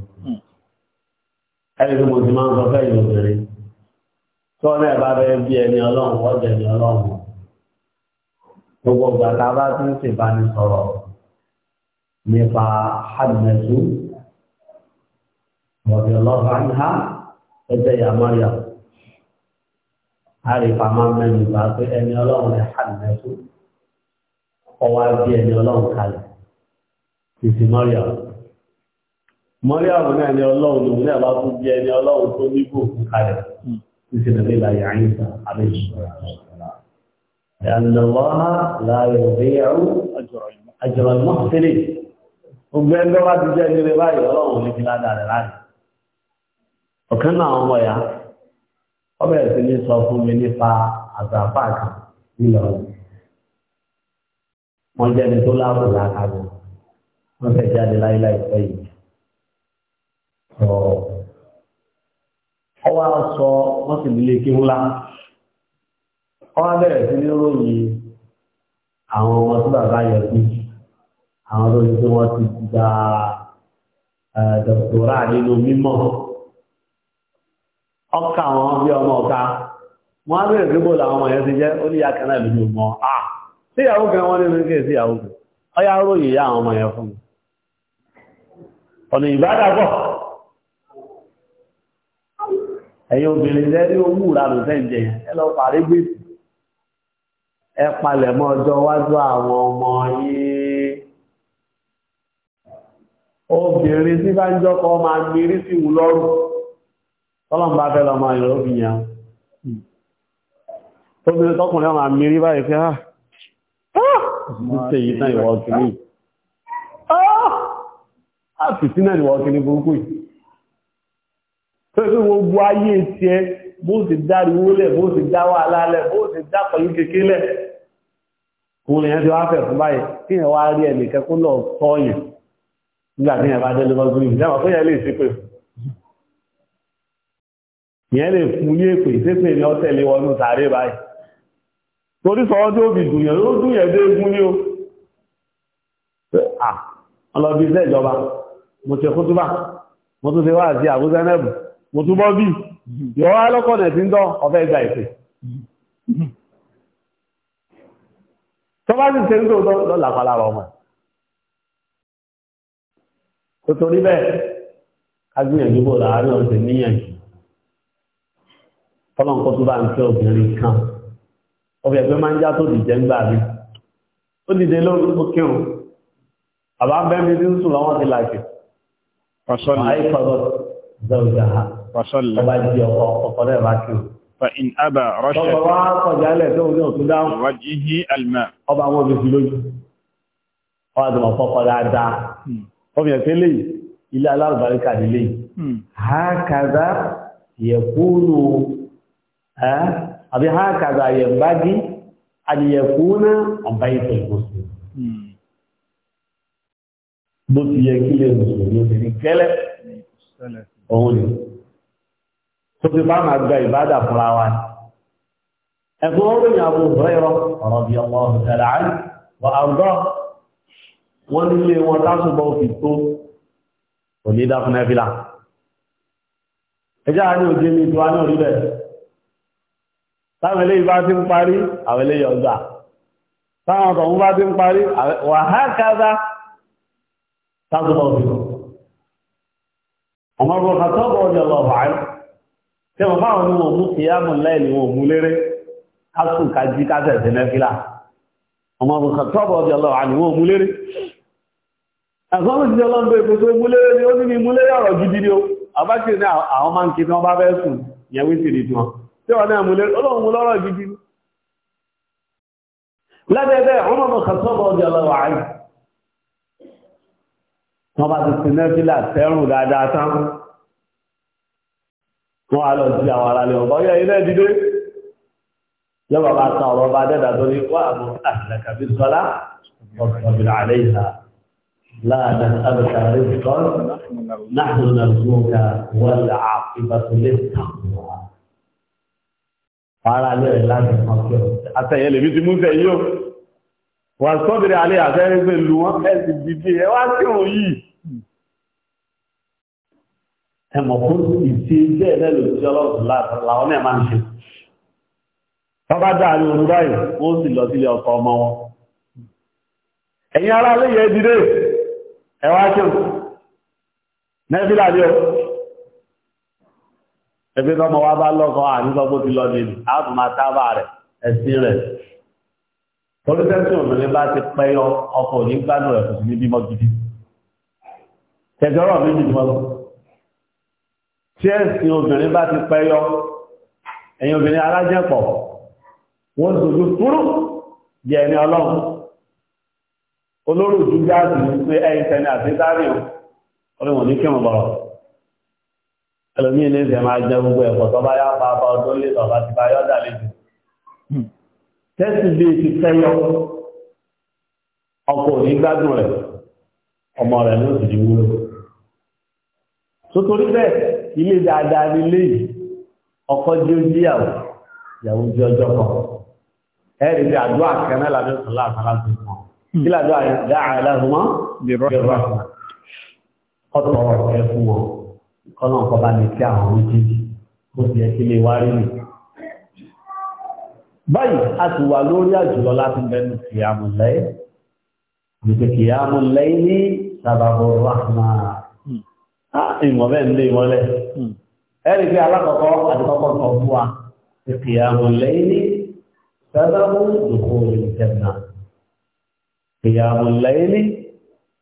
ẹni tí mo ti máa ń sọ fẹ́ ìlú obìnrin tí wọ́n náà bá bẹ́ẹ̀ bí ẹni ọlọ́run wọ́n jẹ́ ẹni ọlọ́run gbogbo ìgbà tá a bá ti ń ṣèbánisọ̀rọ̀ nípa hàdìmẹ́sù ọ̀dẹ̀ ọlọ́run àníhá ẹgbẹ́ ìyá mọ́ríà àrífà máa ń mẹ́nu bá pé ẹni ọlọ́run rẹ̀ hàdìmẹ́sù ọwọ́ bí ẹni ọlọ́run kalẹ̀ títí mọ́ríà mọ́ríà náà ẹni ọlọ́run lòun náà bá tún bí ẹni ọlọ́run tó nígbò fún kalẹ̀ títí nàbẹ́lá yàrá ìgbà àbẹ́jù لأن الله لا يضيع أجر المحسنين وبين لغة الجاهل بباي الله لك لا دار العالم وكان أمو يا ọbẹ̀ sí ní sọ fún mi nípa ọwọ́ bẹ̀rẹ̀ sí ní ròyìn àwọn ọmọ tó bàbá yọ sí àwọn tó ní pé wọ́n ti gba dọ̀tòrà nínú mímọ́ ọkà wọn bí ọmọ ọ̀ká wọ́n á bẹ̀rẹ̀ bó làwọn ọmọ yẹn ti jẹ́ ó ní yàkánná ìlú mọ́ à síyàwó kan wọ́n kí síyàwó kan ròyìn yá àwọn ọmọ yẹn fún mi ọ̀nà ẹ̀yin obìnrin lẹ́rí owó ẹ lọ ẹ palẹ̀mọ́ ọjọ́ wájú àwọn ọmọ yìí obìnrin tí bá ń jọ́kọ́ máa gbérí sí wù lọ́rùn tọ́lọ̀mbá fẹ́ lọ́mọ ìrọ̀ obìnrin obìnrin tọ́kùnrin ọmọ àmìrí báyìí fẹ́ hà ah, ah, ṣe yìí tán ìwọ̀ kìíní àti ah, sínà ìwọ̀ kìíní burúkú yìí tó ìpín gbogbo ayé tiẹ̀ bó ti dá ìwólẹ̀ bó ti dá wà lálẹ̀ bó dá pẹ̀lú kékeré òun lèyàn ti wá fẹ̀ fún báyìí kí yẹn wá rí ẹnì kẹ́kọ́ lọ tọ́ yẹn nígbà tí yẹn bá dé lọ́wọ́ gbé yìí dáwọ̀ tó yẹn lè ṣe pé yẹn lè fún yé pé ṣépè ni ó tẹ̀lé wọnú sàárè báyìí torí sọ́wọ́ tí ó fi dùn yẹn ló dùn yẹn dé egun o pé à tó bá sì ṣe ń tó lọ́la palára ọmọ tó torí bẹ́ẹ̀ agbìyànjú bò láàárín ọ̀sẹ̀ níyànjú fọlọ́n kó tó bá ń fẹ́ obìnrin kan ọbẹ̀ ẹgbẹ́ máa ń já tó dìjẹ́ ń gbà mí ó dìde lórí ó kírun àbá bẹ́ẹ̀ mi ti ń sùn lọ́wọ́ ti làjẹ́ ọ̀ṣọ́ ni àìkọ́dọ̀ zọ̀ọ̀dà ọba jí ọkọ̀ ọkọ̀ náà bá kírun فإن أبى رشد وجهه الماء ọba àwọn obìnrin lójú ọdún ọ̀pọ̀pọ̀ dáadáa hmm. ọmọ ìyẹ̀kẹ́ lè ilé alábàríkà nílé hmm. hákàdá yẹ̀kúnù àbí hákàdá yẹ̀mbágí àdìyẹ̀kúnà ọ̀bá ìfẹ̀ ìmọ̀sùn hmm. bó ti yẹ kí lè mùsùlùmí obìnrin gẹ́lẹ́ òun ni tó fi bá máa gba ìbádà fúnra wa ni. ẹ̀gbọ́n orin Abu Hurairah radiyallahu ta'ala anhu wà àgbọ́ wọ́n nílé wọn lásùgbọ́ òfin tó kò ní dá fún ẹfìlà. ẹjá ní òjé ní ìtura ní orílẹ̀ táwọn eléyìí bá ti ń parí àwọn eléyìí ọgbà táwọn ọkọ̀ bá ti ń parí wa hakaza lásùgbọ́ òfin. Umar bin Khattab radiyallahu anhu tẹ́wọ̀n báwọn ni wọ́n mú kìyàmù láìlì wọn mú léré asùnkà jí kásẹ̀sẹ̀ mẹ́fílà ọmọ ọmọkàn tọ́bọ̀ ọdí ọlọ́wà ni wọ́n mú léré àgbọ́mùsí ọlọ́m̀bẹ̀ èkó tó mú léré ni ó ní mú léré ọ̀rọ̀ gidi ni ó àbákì ní àwọn máa ń kí wọ́n bá fẹ́ sùn yẹn wí sí ìdí wọn tẹ́wọ̀n náà mú léré ọlọ́run mú lọ́rọ̀ gidi ni lábẹ́ẹ̀bẹ́ ọmọ ọmọkàn tọ́bọ̀ ọdí wọ́n á lọ sí àwọn aráàlú ọba ọyọ iná dídé yọba bá ta ọ̀rọ̀ ọba dẹ́dà tó ní wà mú àtìlẹ́kà bí sọlá ọ̀gbìn àlẹ́ ìta láàdá abẹ́ka rẹ̀ sọ náà nà lóka wọ́n là á fi bá tó lé tàkùnà. Fara lé rẹ̀ láti mọ̀ kí ọ̀. Àtẹ̀yẹ lèmi ti mú sẹ́ yìí o. Wà sọ́bìrì alẹ́ àtẹ́rẹ́gbẹ̀ lù wọ́n ẹ̀ sì dìde ẹ wá sí òun yìí ẹmọ̀ fún ìṣe bẹ́ẹ̀ lẹ́lò tí ọlọ́run làwọn náà máa ń ṣe wọ́n bá dáa ní orun báyìí wọ́n sì lọ sílé ọkọ ọmọ wọn ẹ̀yin ará léyẹ dìde ẹwà ṣùn nẹ́bílà ní o ẹgbẹ́ tọmọ wa bá lọ́kọ àníkọ́gbó ti lọ nínú àtún máa tábà rẹ̀ ẹ̀sìn rẹ̀ tọ́lúfẹ́sì òmìnirin bá ti pẹ́yọ ọkọ̀ nígbàdùn ẹ̀kùn níbí mọ́ gidi tẹ̀gọ́rọ̀ méjì mọ́ tí ẹ̀sìn obìnrin bá ti pẹ́yọ ẹ̀yin obìnrin alájẹ́pọ̀ wọ́n dojú fúrú jẹ́ ẹni ọlọ́run olóró ju gáàsì ní pé ẹ̀yin tẹni àti dáríò ọlọ́run ní kí wọ́n bọ̀rọ̀ ẹlòmí ilé ìfẹ́ máa jẹ gbogbo ẹ̀kọ́ tó bá yá pa bá ọdún lè lọ bá ti bá yọ́ dàlejò tẹ́sì bíi ti pẹ́yọ ọkọ̀ òní gbádùn rẹ̀ ọmọ rẹ̀ ní òsì wúlò tó torí bẹ́ẹ̀ ilé dáadáa nílé yìí ọkọ jí ó jíyàwó ìyàwó jí ọjọ́ kan ẹ̀rì bí àdúrà kẹ́nà làbẹ́ sọ̀lá àtàlásì kan kí làdúrà yìí dá àlàhùmọ́ bí rọ́ọ̀kà ọ̀tọ̀ ọ̀kẹ́ fún wọn kọ́nà ọ̀kọ́ bá ní kí àwọn méjèèjì ó sì yẹ kí lè wá rí nìyí báyìí a ti wà lórí àjùlọ láti bẹnu kìyàmù lẹ́yìn kìyàmù lẹ́yìn ní sàbàbọ̀ rahman Ah, ìmọ̀ bẹ́ẹ̀ ń lé ìmọ̀lẹ̀ hmm. ẹ̀rí pé alákọ̀ọ́kọ́ àdìkọ́kọ́ kan fún wa ìkìyàmọ̀ lẹ́yìn ní sábàbù lòkó ìjẹ̀nà ìkìyàmọ̀ lẹ́yìn ní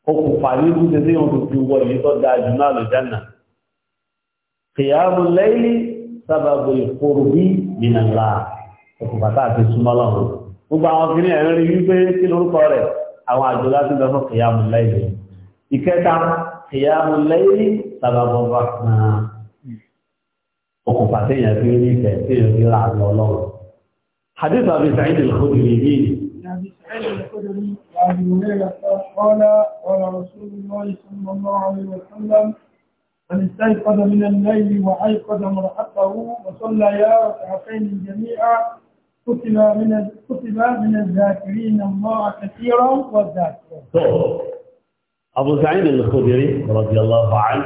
okùnfà ní gúúsẹ̀ tí wọ́n fi wọ ìlú tó dáa jù náà lòjánà gbogbo àwọn kìnìún ẹ̀rín rí wípé kí lórúkọ rẹ̀ àwọn àjọ láti lọ fún ìkìyàmọ̀ lẹ́yìn ìkẹta ìkìyàmọ̀ lẹ́yìn sábàbọ̀ bá máa okùnfà téèyàn fi rí ìfẹ́ téèyàn fi rà ní ọlọ́run. Hadith Abi Sa'id قال قال رسول الله صلى الله عليه وسلم من استيقظ من الليل وأيقظ وصلى يا ركعتين جميعا كتب من كتب من الذاكرين الله كثيرا والذاكرين. أبو سعيد الخدري رضي الله عنه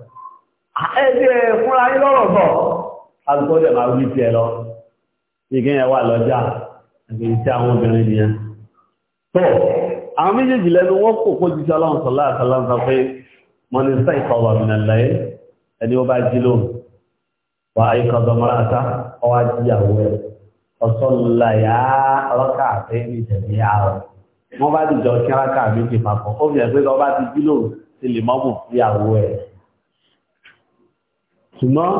ẹgbẹ́ fúnra yín lọ́rọ̀ bọ̀ agbọ́dẹ̀ máa wí tiẹ̀ lọ ìgbẹ́ yẹn wà lọ́jà ẹgbẹ́ iṣẹ́ àwọn obìnrin nìyẹn tó àwọn méjèèjì lẹ́nu wọ́n kò kó jíṣẹ́ ọlọ́run sọ̀lá àtàlọ́run sọ pé mọ́nísítà ìkọwà mìnàlá yìí ẹni ó bá jí lóhùn wà ayíkọ̀dọ̀mọ́ra àtá ọwá jíyàwó ẹ̀ ọ̀sọ́lá yá ọlọ́kà àti ìjẹ̀bí ààrùn wọ́n bá dìjọ kí ṣùgbọ́n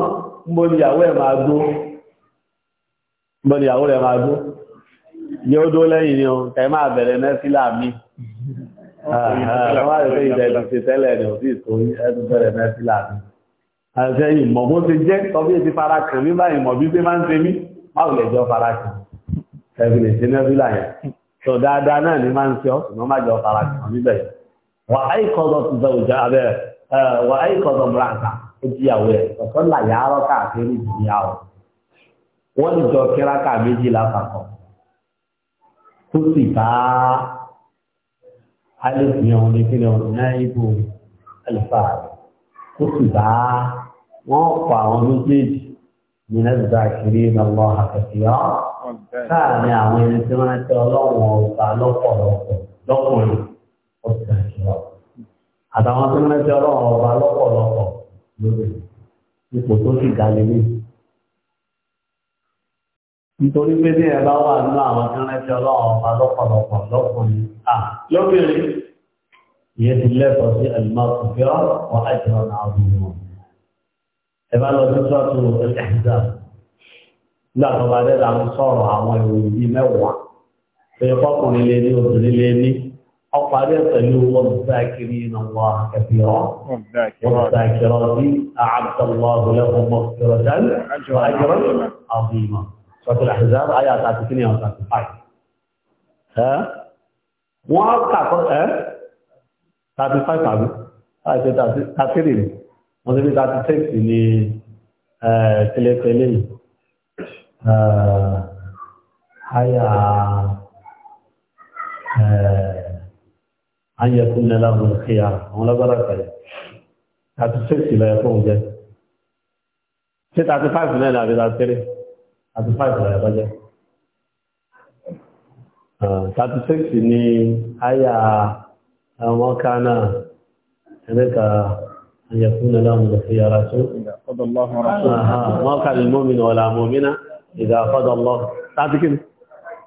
mo ní ìyàwó ẹ̀ máa dó mo ní ìyàwó rẹ̀ máa dó ní ó dó lẹ́yìn ni ohun tẹ máa bẹ̀rẹ̀ nẹ́fílà mi àwọn àìsẹ́ ìdẹ̀ẹ̀dẹ̀ tẹ́lẹ̀ ni ò sí ìtòrí ẹ̀dù bẹ̀rẹ̀ nẹ́fílà mi àìsẹ́ ìmọ̀ bó ti jẹ́ tọ́bí ti fara kàn mí báyìí mọ̀ bí pé máa ń ṣe mí máa ò lè jọ fara kàn ẹ̀fì lè ṣe nẹ́fílà yẹn tó dáadáa ó jíyàwó ẹ̀ ọ̀tọ́ là yàrá káàkiri ìjìyàwó wọ́n jọ kíráka méjì lápapọ̀ tó sì bá alẹ́sìn ọ̀hún ní kíni ọ̀hún náà ibò alifa tó sì bá wọ́n pa àwọn méjèèjì nínú ìgbà kiri lọ́wọ́ àkàtìyọ́ káàárín àwọn ẹni tí wọ́n ti ọlọ́wọ́ ọ̀gá lọ́pọ̀lọpọ̀ lọ́kùnrin ọ̀gá àtàwọn tí wọ́n ti ọlọ́wọ́ ọba lọ́pọ̀lọpọ̀ lóde ipò tó sì ga lé léyìí. nítorí pé bí ẹ bá wà nínú àwọn tí wọn ti ọlọ́run ọba lọ́pọ̀lọpọ̀ lọ́kùnrin à lóbìnrin ìyẹn ti lẹ́kọ̀ọ́ sí ẹ̀lùmọ́ òfin ọ̀rọ̀ wọn láti ọ̀nà àwọn ènìyàn. ẹ bá lọ sí sọ́ọ̀tù ẹ̀ẹ́dà nígbà tó bá dé là ń sọ̀rọ̀ àwọn ìròyìn bíi mẹ́wàá pé ọkùnrin lé ní obìnrin lé ní. أطالع تلو والذاكرين الله كثيرا والذاكرات أعبت الله لهم مغفرة وأجرا عظيما سورة الأحزاب آيات آتتني وآتتني ها وأبقى ها 35 tàbí láti 33 ni wọ́n ti bí 36 ni tẹ́lẹ̀tẹ́lẹ̀ yìí àyà ayẹ̀kú nílá àwọn ìkẹyà àwọn lágbára kẹrẹ àti sẹ́ẹ̀sì lọ ẹ̀kọ́ oúnjẹ ṣé tàbí fáìfì náà àbí tàbí tẹ́lẹ̀ àti fáìfì lọ ẹ̀kọ́ jẹ́ tàbí sẹ́ẹ̀sì ni àyà àwọn kánà ẹ̀rẹ́ka ayẹ̀kú nílá àwọn ìkẹyà rà tó wọ́n kà lè mọ́mìnà ọ̀là mọ́mìnà ìdá àfọ́dọ̀ lọ tàbí kí ni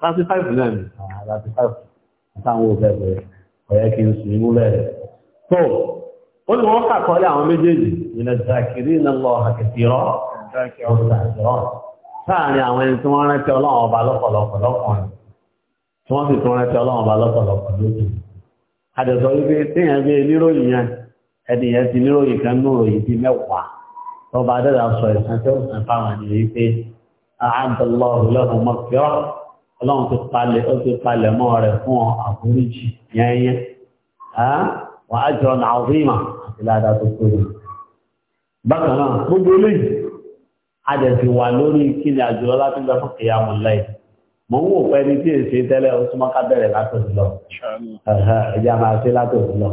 tàbí fáìfì náà òfẹ́ bẹ̀rẹ̀ ọ̀yẹ́ kí n sùn imú mẹ́rin tó ó ní wọ́n kàkọ́lé àwọn méjèèjì ìnà zakiri iná lọ àkẹtì rọ sáàrin àwọn ẹni tí wọ́n rántí ọlọ́run ọba lọ́pọ̀lọpọ̀ lọ́kùnrin tí wọ́n sì tún rántí ọlọ́run ọba lọ́pọ̀lọpọ̀ lójú àdẹ̀sọ wípé téèyàn bí níròyìn yẹn ẹnìyẹn ti níròyìn kan níròyìn ti mẹ́wàá tọba adẹ́dà sọ ìsàn tí ó sàn fáwọn ènìyàn wípé àádọ́lọ́rùn ọlọ́run ti palẹ̀ ó ti palẹ̀ mọ́ rẹ̀ fún àforíjì yẹ́nyẹ́ wọ́n á jọ nà ọ̀rìnmà àti ládàá tó kúrò bákan náà gbogbo eléyìí adẹ̀sí wà lórí kíni àjùlọ láti gbà fún kìyà mọ̀ lẹ́yìn mo ń wò pé ní tí èsì tẹ́lẹ̀ ó súnmọ́ ká bẹ̀rẹ̀ látòsí lọ ẹ̀jẹ̀ àmà àti látòsí lọ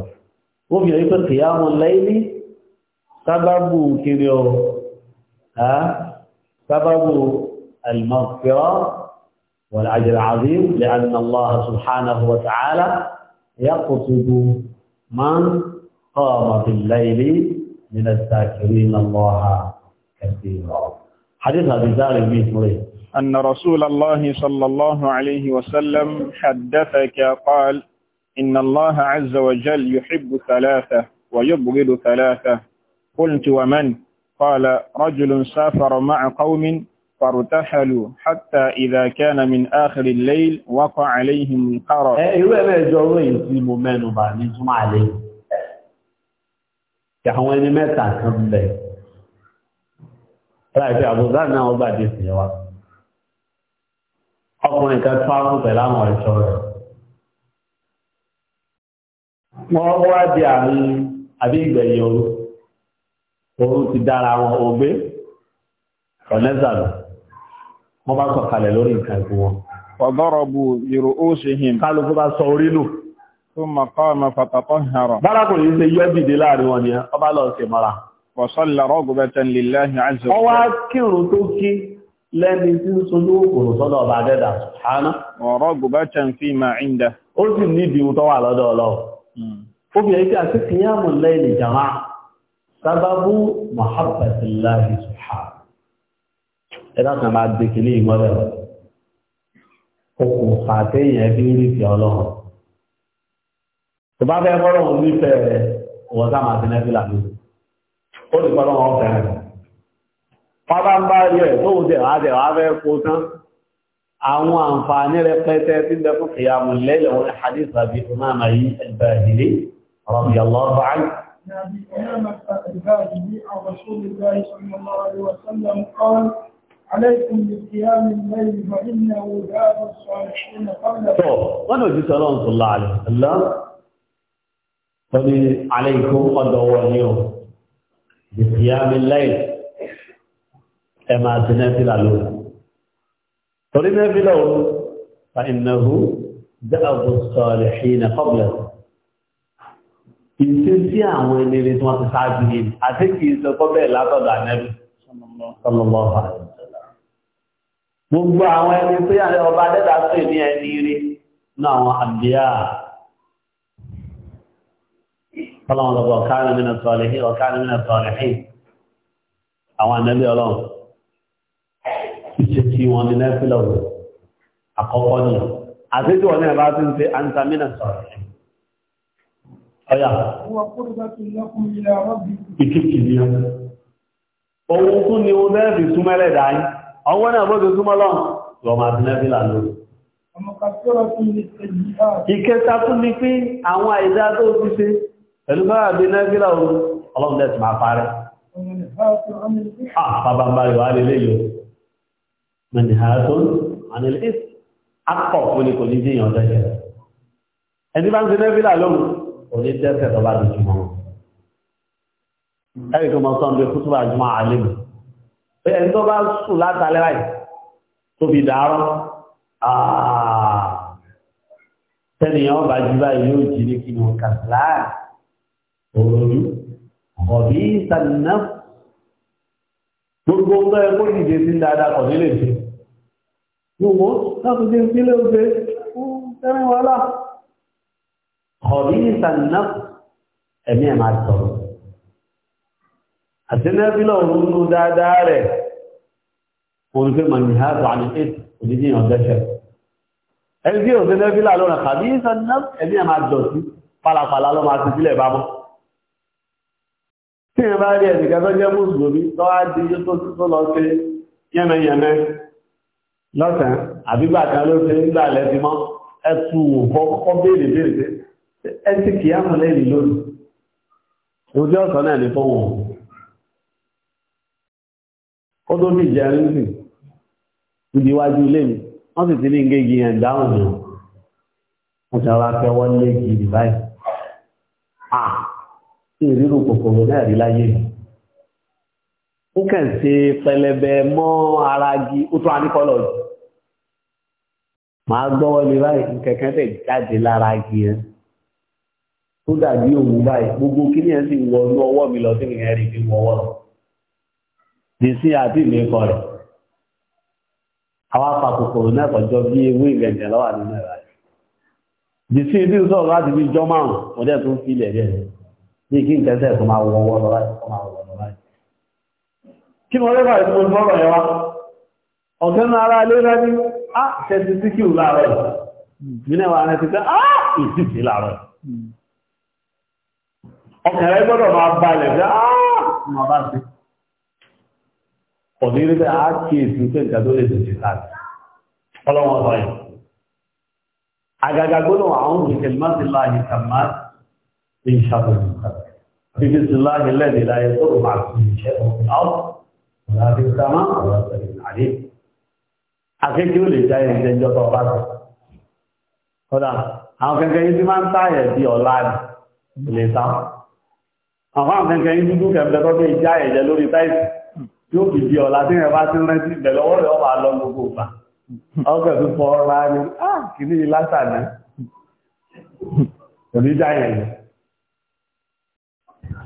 ó fi hàn pé kìyà mọ̀ lẹ́yìn ní sábàbù kiri o sábàbù àlùmọ̀ fìrọ́ والعجل العظيم لأن الله سبحانه وتعالى يقصد من قام في الليل من الذاكرين الله كثيرا حديث أبي ذر المثري أن رسول الله صلى الله عليه وسلم حدثك قال إن الله عز وجل يحب ثلاثة ويبغض ثلاثة قلت ومن قال رجل سافر مع قوم فارتحلوا حتى إذا كان من آخر الليل وقع عليهم القرار إيوه ما جوه يسيبوا منه بعد يسمع عليه كهوان متى كم بي رأيك أبو ذر نعو بعد يسيوا أقول لك أتفاقوا بلام وعشورة wọ́n wá di àbí ìgbẹ̀yìn ooru ooru ti dára wọn ògbé ọ̀nẹ́sàlù wọ́n bá sọ̀kalẹ̀ lórí nǹkan ìkú wọn. ọ̀dọ́rọ̀bù ìrò ó ṣe hìn. kálukú bá sọ orí nù. tó mọ̀ kọ́ ọmọ fàtàkọ́ hàrọ̀. bárakùnrin ṣe yọ́ dìde láàrin wọn ni ọba lọ sí mọ́ra. wọ́sọ́lá rọ́gùbẹ́tẹ̀ lillahi azza. ọwá kírun tó kí lẹ́ni tí ń sojú òkòrò sọ́dọ̀ ọba dẹ́dà ṣáná. ọ̀rọ̀ gùbẹ́tẹ̀ fi máa ń dẹ. ó sì nídìí ohun tó wà lọ́dọ̀ ọlọ́run. obìnrin hmm. tí a ti fi yàmù lẹ́yìn ìjàmá sábàbù muhabbatillahi subhanahu ẹ̀dá kan máa dé kìíní ìmọ́lẹ̀ okùn fàtẹ́yìn ẹbí nífẹ̀ẹ́ ọlọ́run tó bá fẹ́ fọ́lọ́ òun nífẹ̀ẹ́ rẹ̀ wọ́n sá máa ti nẹ́fìlà mi ó lè fọ́lọ́ wọn fẹ́ rẹ̀ wọ́n bá ń bá rí ẹ̀ tóun tẹ̀ wá tẹ̀ fẹ́ kó tán àwọn àǹfààní rẹpẹtẹ tí bẹ fún kìyàmù lẹ́yìn àwọn hadith rabi umama yìí al-Bahili radiyallahu anhu نبي أمة الباهلي عن رسول الله صلى الله عليه وسلم قال عليكم بقيام الليل فإنه ذاب الصالحين قبل وانا جيت الله صلى الله عليه وسلم فبي عليكم قد وهيهم بقيام الليل أما سنافل علوم فرنا في لون فإنه ذاب الصالحين قبله ìṣe sí àwọn ẹni rẹ̀ tí wọ́n ti ṣáájú yìí àti kìí sọ pọ́ bẹ́ẹ̀ látọ̀dọ̀ ànẹ́bí sọlọ́mọ́ gbogbo àwọn ẹni tó yà lẹ́wọ́ bá dẹ́dà pè ní ẹni rí ní àwọn àbíyà ọlọ́run lọ́gbọ̀ ọ̀káàrí mínà sọ̀lẹ̀hí ọ̀káàrí mínà sọ̀lẹ̀hí àwọn ànẹ́bí ọlọ́run ìṣẹ́ tí wọ́n ní nẹ́fílọ̀ àkọ́kọ́ ni àti tí wọ́n ní ẹ̀bá tí ń pe àǹtà mínà sọ̀lẹ̀hí ọ̀yà ni ohun tún ni ó bẹ́ẹ̀ fi súnmẹ́lẹ̀ dáyìí ọwọ́ náà bó dojúmọ́ lọ́n lọ máa ti lẹ́bílà lórí ìkẹta tún ní pé àwọn àìdá tó ti ṣe pẹ̀lú bá àbí lẹ́bílà orí ọlọ́run dẹ̀ ti máa parẹ́ àpapàbàrì ah, wà lè léyò mẹ́nìhàtún ànílẹ́s akọ̀ fún ni kò ní jíyàn dẹ́ṣẹ̀ ẹni bá ń ṣe lẹ́bílà lórí kò ní dẹ́ṣẹ̀ tó bá dojúmọ́ ẹ̀rì pé ẹni tó bá sùn látàlẹ́ báyìí tó fi dàárọ̀ tẹ́nìyàn ọba jù báyìí yóò jí ní kíni ọ̀kà láà òòrùn ọ̀bí ìsànà gbogbo ọgbẹ́ ẹgbẹ́ ìdíje sí dáadáa kọ̀ nílé ìṣe gbogbo láti dé sílé oṣù tẹ́rin wàhálà ọ̀bí ìsànà ẹ̀mí ẹ̀ máa sọ̀rọ̀ àti nẹ́bílọ̀ òun ló dáadáa rẹ̀ òun pé màmí ha tó àmì ètò òdíjì yàn dẹ́ṣẹ̀ ẹni tí òun nẹ́bílà lọ́nà tàbí ìsànná ẹni àmà dọ̀tí pàlàpàlà lọ́ máa ti sílẹ̀ bá mọ́ tí yẹn bá rí ẹ̀sìn kẹfẹ́ jẹ́ mùsùlùmí tó á di yóò tó tó lọ sí yẹ́nẹ́yẹ́nẹ́ lọ́sàn-án àbígbà kan ló ṣe nígbà lẹ́bí mọ́ ẹtù òkọ́ kọ́kọ́ béèrè béèrè ẹtì kìí àmúlẹ́rìí lónìí ojú ọ̀sán náà ní fọ́wọ́n ó tó bí ìjẹ́ rísì ìdíwájú ilé mi wọ́n sì ti ní ngégi yẹn dáhùn mi wọ́n ti ara fẹ́ wọ́n lé gidi báyìí à sí ìrírù kòkòrò náà rí láyé mi ó kàn ṣe pẹlẹbẹ mọ́ ara gi ó tún aníkọ́lọ̀ jù màá gbọ́wọ́ lé báyìí kẹ̀kẹ́ tẹ̀ jáde lára gi yẹn tó dàbí òun báyìí gbogbo kí ni ẹ sì wọ inú ọwọ́ mi lọ sí ìrìn ẹ̀rí fi wọ́wọ́ lọ dìísí àti ìmẹ̀kọ rẹ̀ àwọn apàkòkòrò náà kọjọ bí ewé ìrẹ̀jẹ̀ lọ́wọ́ nínú ẹ̀rọ rẹ̀ dìísí ibi sọ̀rọ̀ láti fi jọ márùn mo dẹ̀ tún fi ilẹ̀ rẹ̀ bí kí n kẹsẹ̀ tó máa wọ ọwọ́ lọ́wọ́ báyìí kí mo rẹ́ báyìí tó mo gbọ́rọ̀ yẹn wá ọ̀gá náà ara ilé rẹ̀ ní á ah, ṣẹ́sì sí kí láàárọ̀ mí wà ní ti á ah, ìdíje láàárọ̀ ọkàn rẹ̀ gbọ́dọ̀ máa balẹ̀ bí á ah, máa bá sí òní rí bẹ́ẹ̀ á kí èsì pé nǹkan tó lè tètè ká ọlọ́wọ́n sọ yìí àgàgà gbọ́dọ̀ àwọn òṣèlú má ti láàyè kàmá ní ìṣàkóso kan bíbí ti láàyè lẹ́ẹ̀dẹ̀ láyé tó rò máa fi ìṣẹ́ òun áwọ̀ ọ̀la fi sàmá ọ̀la sẹ̀lẹ̀ àdé akékeré lè já ẹ̀jẹ̀ ìjọ tó ọba tó yóò fi di ọ̀la tí ẹ̀bá tí rántí ìbẹ̀ lọ́wọ́ rẹ̀ ọba lọ gbogbo ọba ọgbẹ̀ tó fọ́ ọ̀rá ni, kìíní látàdé oníjà yẹn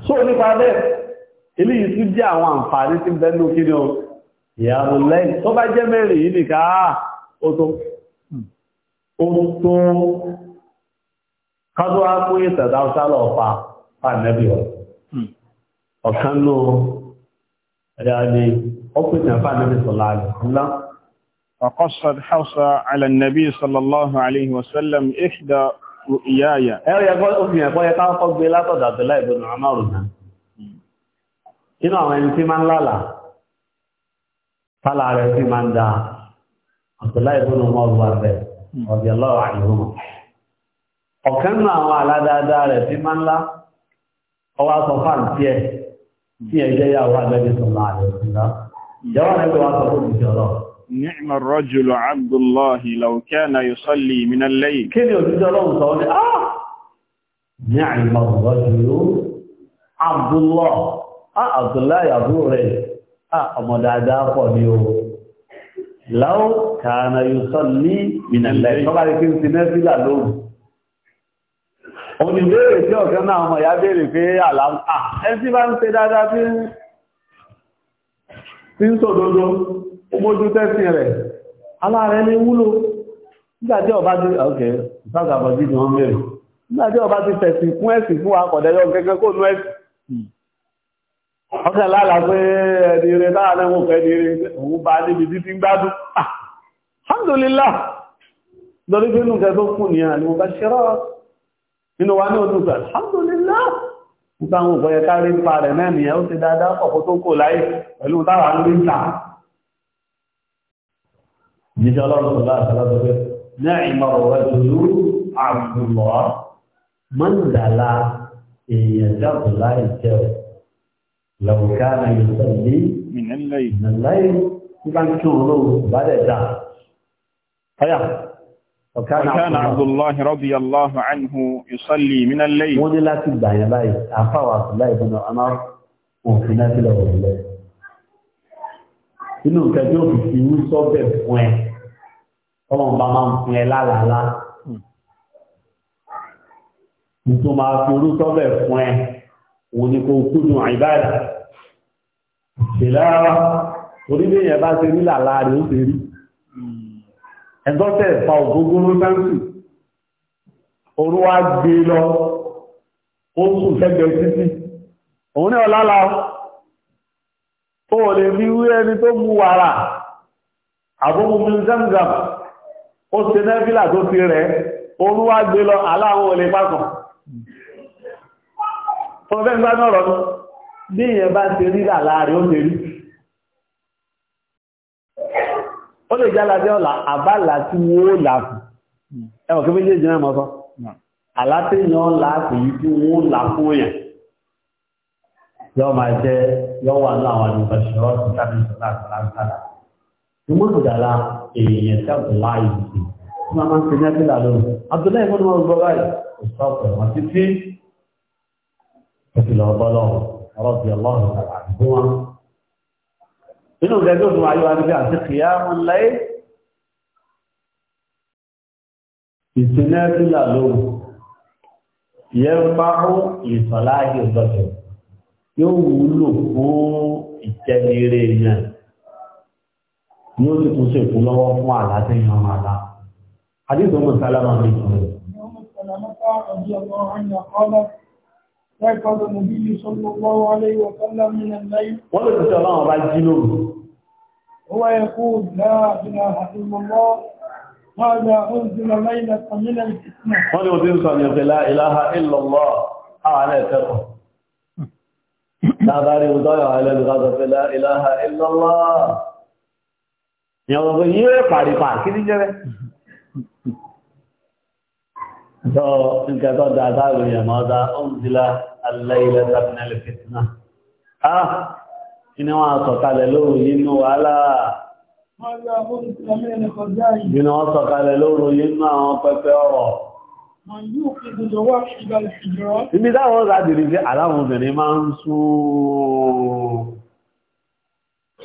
so nípa bẹ́ẹ̀ eléyìí tún jẹ́ àwọn àǹfààní tí bẹ́ẹ̀ ló kíni o ìyàwó lẹ́yìn tó bá jẹ́ mẹ́rin yìí nìka ó tó ó tó kádùá kó yẹ tẹ̀dá sálọ̀ ọ̀fà fà nẹ́bí ọ̀ hmm. ọ̀kan náà يعني حكمة فعلا صلى الله عليه وسلم فقصد حصى على النبي صلى الله عليه وسلم إحدى رؤياي أو يقول أمي أقول يتعرف بلا تدع الله بن عمر إنه أنت من لا لا فلا عرفت من دا عبد الله بن عمر رضي الله عنهما وكان ما على ذا دار في من لا أو أصفان فيه tí ẹ̀jẹ̀ yà wà lẹ́bí sọ̀rọ̀ àdìsínà ìjọba lẹ́bí wa sọ fún نعم الرجل عبد الله لو كان يصلي من الليل كيف يجوز له صلاه اه نعم الرجل عبد الله آه عبد الله يا ابو اه ọmọ dáadáa pọ̀ ni لو كان يصلي من الليل طبعا كان في نافله òní béèrè tí ọ̀kan náà ọmọ ìyá béèrè pé àlàáfà ẹni bá ń ṣe dáadáa tí ń sòdodo ó mójú tẹ́sí rẹ̀ aláàrẹ ní wúlò nígbàtí ọba ti ọ̀kẹ́ ìsáàbàbọ̀dí ni wọ́n mẹ́rin nígbàtí ọba ti fẹ̀sì fún ẹ̀sì fún akọ̀dẹ́yọ gẹ́gẹ́ kó nú ẹ̀sì ọkẹ́ lára pé ẹni rẹ̀ láàrin bá ṣẹ́rọ́ nínú wa ní òtútù alhamdulillah nígbà àwọn òkòyẹ kárí ń pa rẹ̀ náà nìyẹn ó ti dáadáa ọ̀pọ̀ tó kò láyé pẹ̀lú táwa ń rí ń ta jíjẹ́ ọlọ́run sọ̀rọ̀ àtàlọ́gbẹ́ náà ìmọ̀ràn rẹ̀ tòlú àbùmọ̀ mọ́ndàlá èèyàn jáde láì وكان عبد الله رضي الله عنه يصلي من الليل wọ́n ní láti gbà yẹn báyìí àfáwà abdullahi bin amar òfin láti lọ wọ̀n lẹ́ inú nǹkan tí ó fi fi ń sọ́bẹ̀ fún ẹ ọmọ bá máa ń fún ẹ lálàálá hmm. nítorí máa fi orú sọ́bẹ̀ fún ẹ òun ni kò kúnnù àìbáyà ìṣèlára orílẹ̀ yẹn bá ṣe rí làlá rẹ̀ ó ṣe rí ẹ̀dọ́tẹ̀ fa ògógóró sáńsì orú wá gbé lọ ó sùn sẹ́gbẹ̀ títí òun ní ọ̀lá la ó lè fi wí ẹni tó mú wàrà àbúkú mi zamzam ó ṣe nẹ́fílà tó fi rẹ̀ orú wá gbé lọ aláwọ̀ olè pásọ̀ tó fẹ́ ń gbá náà rọ̀ bí ìyẹn bá ń ṣe rí láàárín ó ṣe rí ó lè jẹ́ alábẹ́ ọ̀la àbálà tí wọ́n ó làkù ẹwọ̀n kí méjèèjì náà mọ́ sọ àlátẹ́yàn làkù yìí tí wọ́n ó làkù yẹn yọ máa jẹ́ yọ wà ní àwọn ìbẹ̀ṣọ́ ti sábẹ́ ìṣọ́lá àtàlátàlá ìmọ̀tòdàlá èèyàn tí àbùlá yìí ti máa máa ń fi ní àbílà lóru àbùlá ìmọ̀tò máa ń gbọ́ báyìí kò sọ pé wọ́n ti fi òkìlọ̀ ọgbọ́lọ́ ọ̀rọ̀ inú ìdẹ́jọ́ tó ayọ́ adúgbé àti kìyàmù láyé ìsinẹ́bílà lóòrùn yẹn bá ó ìsọ̀láàgì ọ̀dọ́jọ́ yóò wúlò fún ìjẹnire yẹn yóò sì tún ṣe fún lọ́wọ́ fún àlàdé yẹn wọn àlá àdéhùn mọ̀sálámà يقظ النبي صلى الله عليه وسلم من الليل ولد الله بعد جنوب هو يقول لا إله إلا الله هذا أنزل ليلة من الفتنة ولد الإنسان يقول لا إله إلا الله أعلى ترى تعباري وضيع على الغضب لا إله إلا الله يوم يقاري قاري كده جرى tó nǹkan tó dáa sáàrù yẹn mọ́ dá oúnjẹ́lá aláìlẹ́ tàbínẹ́lẹ̀ fìtínà. a iná wọn sọ̀kalẹ̀ lóru nínú wàhálà iná wọn sọ̀kalẹ̀ lóru nínú àwọn pẹpẹ ọ̀rọ̀ ibi táwọn sàdìrí sí aláwọn obìnrin máa ń sún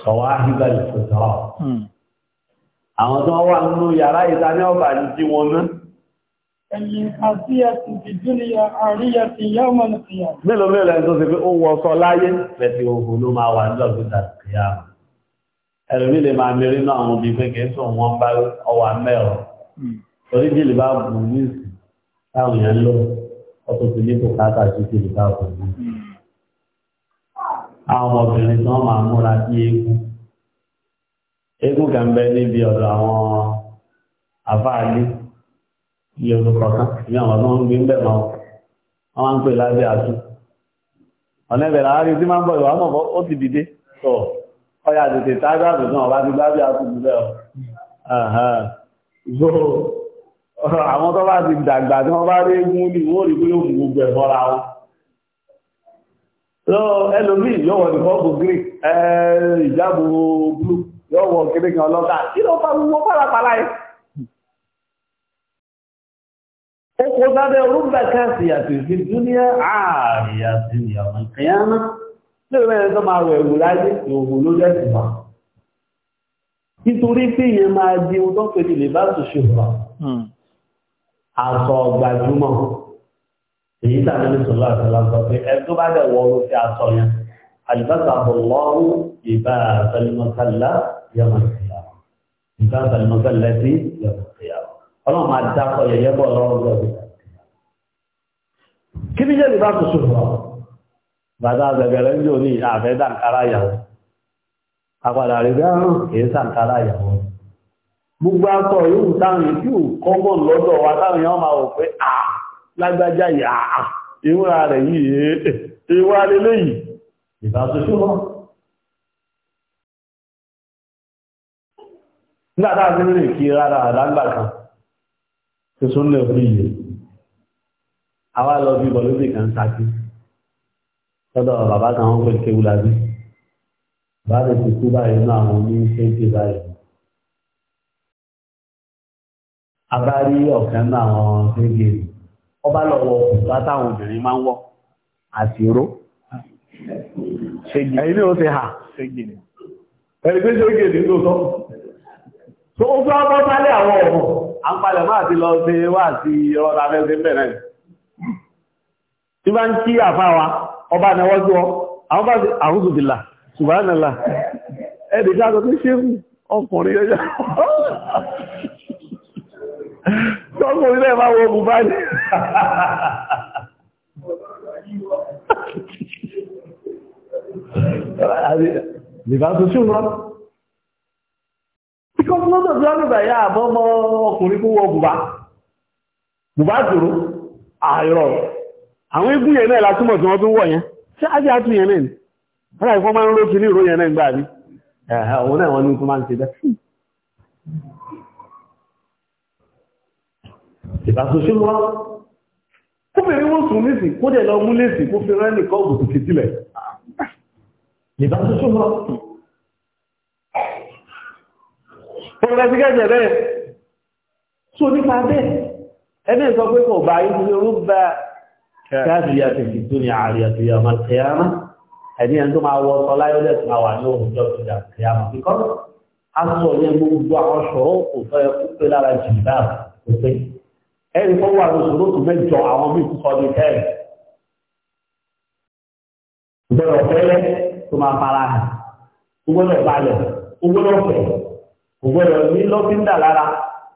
sọ̀wọ́ àhíbàlì fòtọ́ àwọn tó wà nínú yàrá ìta ní ọ̀bà ní tí wọn náà Mélòó mélòó ẹni tó ṣe pé ó wọ ọkọ̀ láyé pẹ̀tì òhun ló máa wà nílọ̀ tó dàbí ìyá. Ẹlòmí lè máa mérí náà àwọn obì pé kìí sọ wọn bá ọwà mẹ́rọ. Hmm. Torí jìlì bá bù ní ìsìn táwọn èèyàn lọ, ọkọ̀ tó ní bùkátà sí jìlì bá bù ní. Hmm. Àwọn ọmọbìnrin tí wọ́n máa múra bí eégún. Eégún kan bẹ níbi ọ̀dọ̀ àwọn àfáàlú iye olùkọ́ kan ní àwọn tó ń gbé ń bẹ̀ mọ́ wọn máa ń pè lábẹ́ àtú ọ̀nà ìbẹ̀rẹ̀ àárín tí máa ń bọ̀ ìwà mọ̀ ó ti dìde tọ̀ ọya tètè tágbà tó náà bá ti lábẹ́ àtú bẹ́ẹ̀ ọ̀ àwọn tó bá ti dàgbà tí wọ́n bá rí egun ní wọ́n rí pé yóò mú gbogbo ẹ̀ mọ́ra wọn so ẹlòmíì yóò wọ nìkọ́ọ̀bù green eh, ìjábò blue yóò wọ kéde kan lọ́ta kí ló fa gbogbo pàlàpàlà yìí ó kó sábẹ́ orúgbà káàsì àti òfin dúníà ààrẹ àti ìyàwó kìíyàmá tí ó mẹ́rin tó máa wẹ̀ wù láyé ìhòòhò ló jẹ́sì wà nítorí pé ìyẹn máa di ohun tó pèsè lè bá tù ṣùgbọ́n aṣọ gbajúmọ̀ èyí tàbí ní sọ̀rọ̀ àtàlà sọ pé ẹ bá dẹ̀ wọ sí aṣọ yẹn àlùbáṣà bọ̀ lọ́rù ìbá àtàlùmọ̀kàlá yọmọ̀ ìbá àtàlùmọ̀kàlá sí ọlọ́run máa dákọ̀ yẹ̀yẹ́ bọ̀ lọ́rùn lọ́dún kí ní jẹ́rì bá kò ṣùgbọ́ bàtà àgbẹ̀gẹ̀rẹ̀ ń jò ní àfẹ́ dàǹkárá ìyàwó àpàdà rí dáhùn ah, kìí sàǹkárá ìyàwó gbogbo akọ yóò táwọn tí ò kọ́mọ̀ lọ́dọ̀ wa táwọn èèyàn máa wò pé à ah, lágbájá yà á ah, ìwúra rẹ̀ yìí eh, ìwà lélẹ́yìí ìbáṣoṣúmọ́ nígbà táwọn ti ń rìn kiri rárá àdágbà kan tó sún lè fún iye àwa lọ bí bọlódì kan sáájú lọ́dọ̀ bàbá kan wọ́n pè kéwu la bí bàbá rẹ̀ ti kú báyìí nínú àwọn oní kéèké báyìí. abárí ọ̀kan náà àwọn kéèké ọba lọ wọ òkúta táwọn obìnrin máa ń wọ àti oró ẹ̀yìn ni ó ti hà ẹ̀yìn pé ṣéèké ní lóòótọ́ tó ó fẹ́ bọ́ sálẹ̀ àwọn ọ̀hún à ń padà máa ti lọ sí wá sí ọ̀rọ̀ abẹ́sẹ̀ bẹ̀rẹ̀ tí bá ń kí àfá wa ọba ànáwọ́jú ọ àwọn bá àrùsù bìlà ṣùgbọ́nàlà ẹ̀dì káàkó tó ṣe fún ọkùnrin ẹjọ́ ọkùnrin lẹ́ẹ̀ máa wọ ogun báyìí Lèbá tó because lọ́dọ̀ tí wọ́n lè bàyá àbọ́mọ́ ọkùnrin kó wọ bùbá bùbá àìrọ̀ ah, àwọn igun yẹn náà látúmọ̀ tí wọ́n tún wọ̀ yẹn ṣé ajé àtún yẹn náà ìfọ́n máa ń ní ìró yẹn náà gbà ní ẹ̀hẹ́ pẹ̀lẹ́ sí kẹ́jẹ̀ bẹ́ẹ̀ tó nípa bẹ́ẹ̀ ẹni sọ pé kò bá yìí ní rúbà káàdì àtẹ̀kì tó ní ààrẹ àti ọmọ kẹyàmá ẹni ẹni tó máa wọ sọ láyọ́lẹ̀ tó máa wà ní òòjọ́ tó dà kẹyàmá kíkọ́ aṣọ yẹn gbogbo àwọn ṣòro kò fẹ́ kó pé lára jìbá kò pé ẹni tó wà ní ṣòro tó mẹ́jọ àwọn míì kọ́ ní kẹ́ẹ̀ gbọ́dọ̀ fẹ́lẹ́ tó máa fara hàn gbọ́dọ̀ balẹ̀ gbọ́dọ̀ fẹ́ ògbọ́dọ̀ ní lọ́fíńdà lára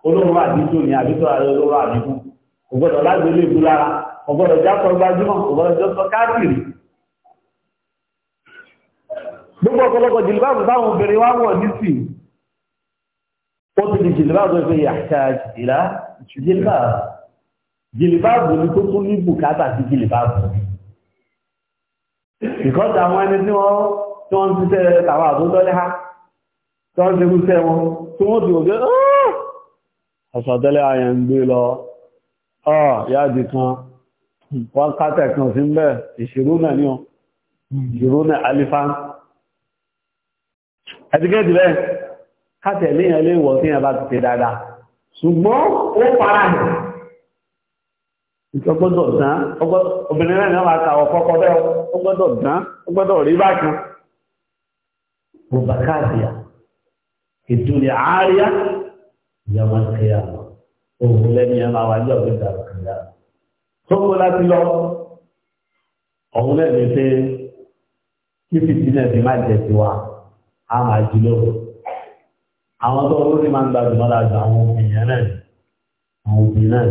olóòrùn àdíjò ní àdíjò ààrẹ olóòrùn àdíjò ògbọ́dọ̀ lágbélébú lára ògbọ́dọ̀ jásọ gbajúmọ̀ ògbọ́dọ̀ jọsọ káàkiri gbogbo ọ̀pọ̀lọpọ̀ jìlìbáàbù táwọn obìnrin wá wọ̀ ní sí ó ti di jìlìbáàbù pé yàtà jìlá jìlìbáàbù jìlìbáàbù ni tó tún ní bùkátà sí jìlìbáàbù ìkọ́ta àwọn ẹni tí wọ́n ti tẹ́ tàwọn Ha tó ń ṣe rúṣẹ́ wọn tó wọ́n ti wọ́n pé ọ̀sọ̀tẹ́lẹ̀ ah! àyẹ̀ ń gbé lọ ah, yáàdì kan wọ́n kátẹ̀ kan sí mẹ́ ìṣirò náà ní ọ ìṣirò náà alifán ẹ̀tíkẹ́tì bẹ́ẹ̀ kátẹ̀ léyàn lè wọ̀ sí ẹ̀bá ti tẹ dáadáa ṣùgbọ́n ó fara hàn dán obìnrin náà máa ka ọ̀kọ́kọ́ bẹ́ẹ̀ ó ìdúlẹ̀ àárẹ̀ yàwọn kẹyà òun lẹ́ni ẹ̀ máa wà ní ọ̀gbìn dàrú kẹyà tó kó láti lọ òun lẹ́ni pé kí fìtínà ti má jẹ sí wa a máa jí lóko àwọn tó ń rí máa ń gbàdúrà láàgbà àwọn obìnrin náà àwọn obìnrin náà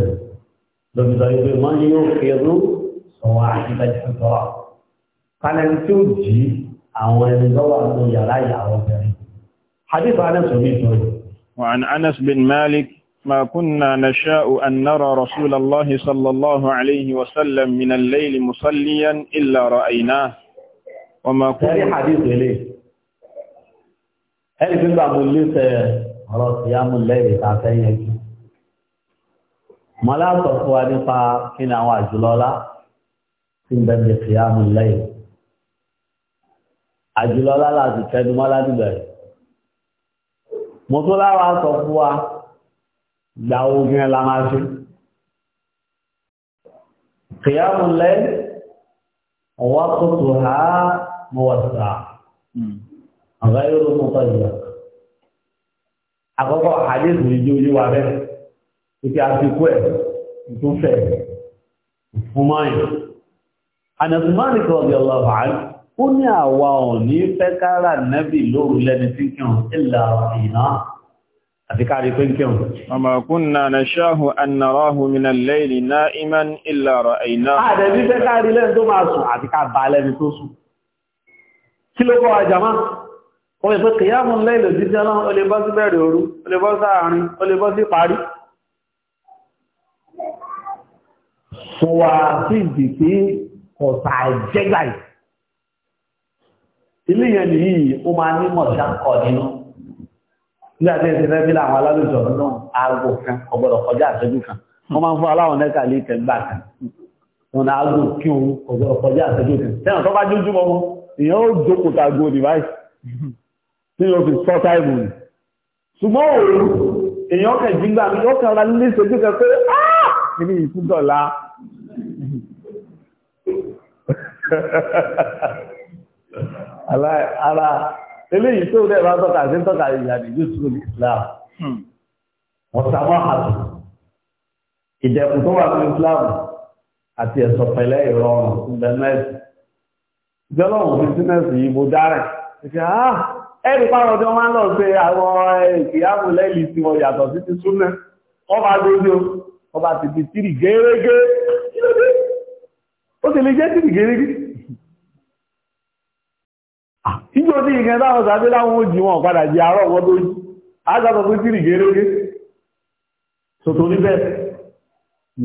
lóbi sọ pé wọ́n yóò kéwú sọ̀wọ́ àti bẹ́ẹ̀ tó tọ́ kálẹ̀ jí àwọn ẹni tó wà nínú yàrá ìyàwó bẹ̀rẹ̀. حديث أنس بن وعن أنس بن مالك ما كنا نشاء أن نرى رسول الله صلى الله عليه وسلم من الليل مصليا إلا رأيناه وما كنا حديث إليه هل كنت أقول لك ọ̀rọ̀ síyámù lẹ́yìn ìtàtẹ́yìn ẹ̀kí. mọ́lá sọ fún wa nípa kí ni àwọn àjùlọ́lá tí ń bẹ̀rẹ̀ síyámù lẹ́yìn. àjùlọ́lá láti mo tó láwàá sọ fún wa gbà ogun ẹ̀ la máa ṣe kìyàmù lẹ́ ọwọ́ tó tó ha mo wà sà ọ̀gá yóò mú tọ́ ìyá àkọ́kọ́ àdéhùn ìjọ ojú wa bẹ́ẹ̀ ìpè àfikú ẹ̀ ìtúfẹ̀ fún mọ́yìn ànàtùmọ́nì kọ́ ọ̀dẹ̀ ọlọ́ọ̀bà ó ní àwa òní fẹ́ kára nẹ́bì lóru lẹ́ni tí kírùn ìlà ìná àti káàrí pé kírùn. ọmọ kúnnà na ṣáhù annaráhù minna lẹ́ìlì ná iman ìlà rọ̀ ìná. àdẹ̀bí fẹ́ káàrí lẹ́ni tó máa sùn kí ló kọ́ àjàmá? náà ó lè bọ́ sí sí parí. sọ wá sí ilé yẹn nìyí ó máa ní mọ̀já kọ̀ nínú ilé àti ẹ̀sìn fẹ́ fílà àwọn alálùjọ náà aago kan ọgbọ́dọ̀ kọjá àṣẹjú kan wọ́n máa ń fún aláwọn nẹ́ta ilé ìtẹ̀gbà kan wọn aago kí òun ọgbọ́dọ̀ kọjá àṣẹjú kan tẹ́wọ̀n tó bá jójú mọ́ ìyẹn ó jókòó tàgò device tí yóò fi sọ táìmù ni ṣùgbọ́n òru èèyàn kẹ̀ jígbà mi ó kàn ra nílé ìṣẹ́jú kan pé áá ah! níbi ara eléyìí tó rẹ̀ bá tọ́ka sí tọ́ka ìyàdì yóò tún ní Islam hmm. ọ̀sàmọ́ àti ìdẹ̀kùn tó wà ní Islam àti ẹ̀sọ̀ pẹ̀lẹ́ ìrọ̀rùn ìbẹ̀mẹ́sì jọlọ́run fi sínẹ́sì yìí mo dárẹ̀ ìfẹ́ àá ah, ẹ̀rì pàrọ̀ tí wọ́n máa ń lọ sí àwọn ìkìyàwó lẹ́lì tí wọ́n yàtọ̀ sí ti súnmẹ́ ọba gbogbo ọba ti di tìrì gẹ́rẹ́gẹ́ ó sì lè jẹ́ tìrì gẹ́rẹ́gẹ́ níbi òní ìgbẹ́ táwọn sàbí láwọn òjì wọn padà jẹ àárọ̀ wọn tó yí agbábọ̀ fún tìrì gẹ́rẹ́gẹ́ tòtò níbẹ̀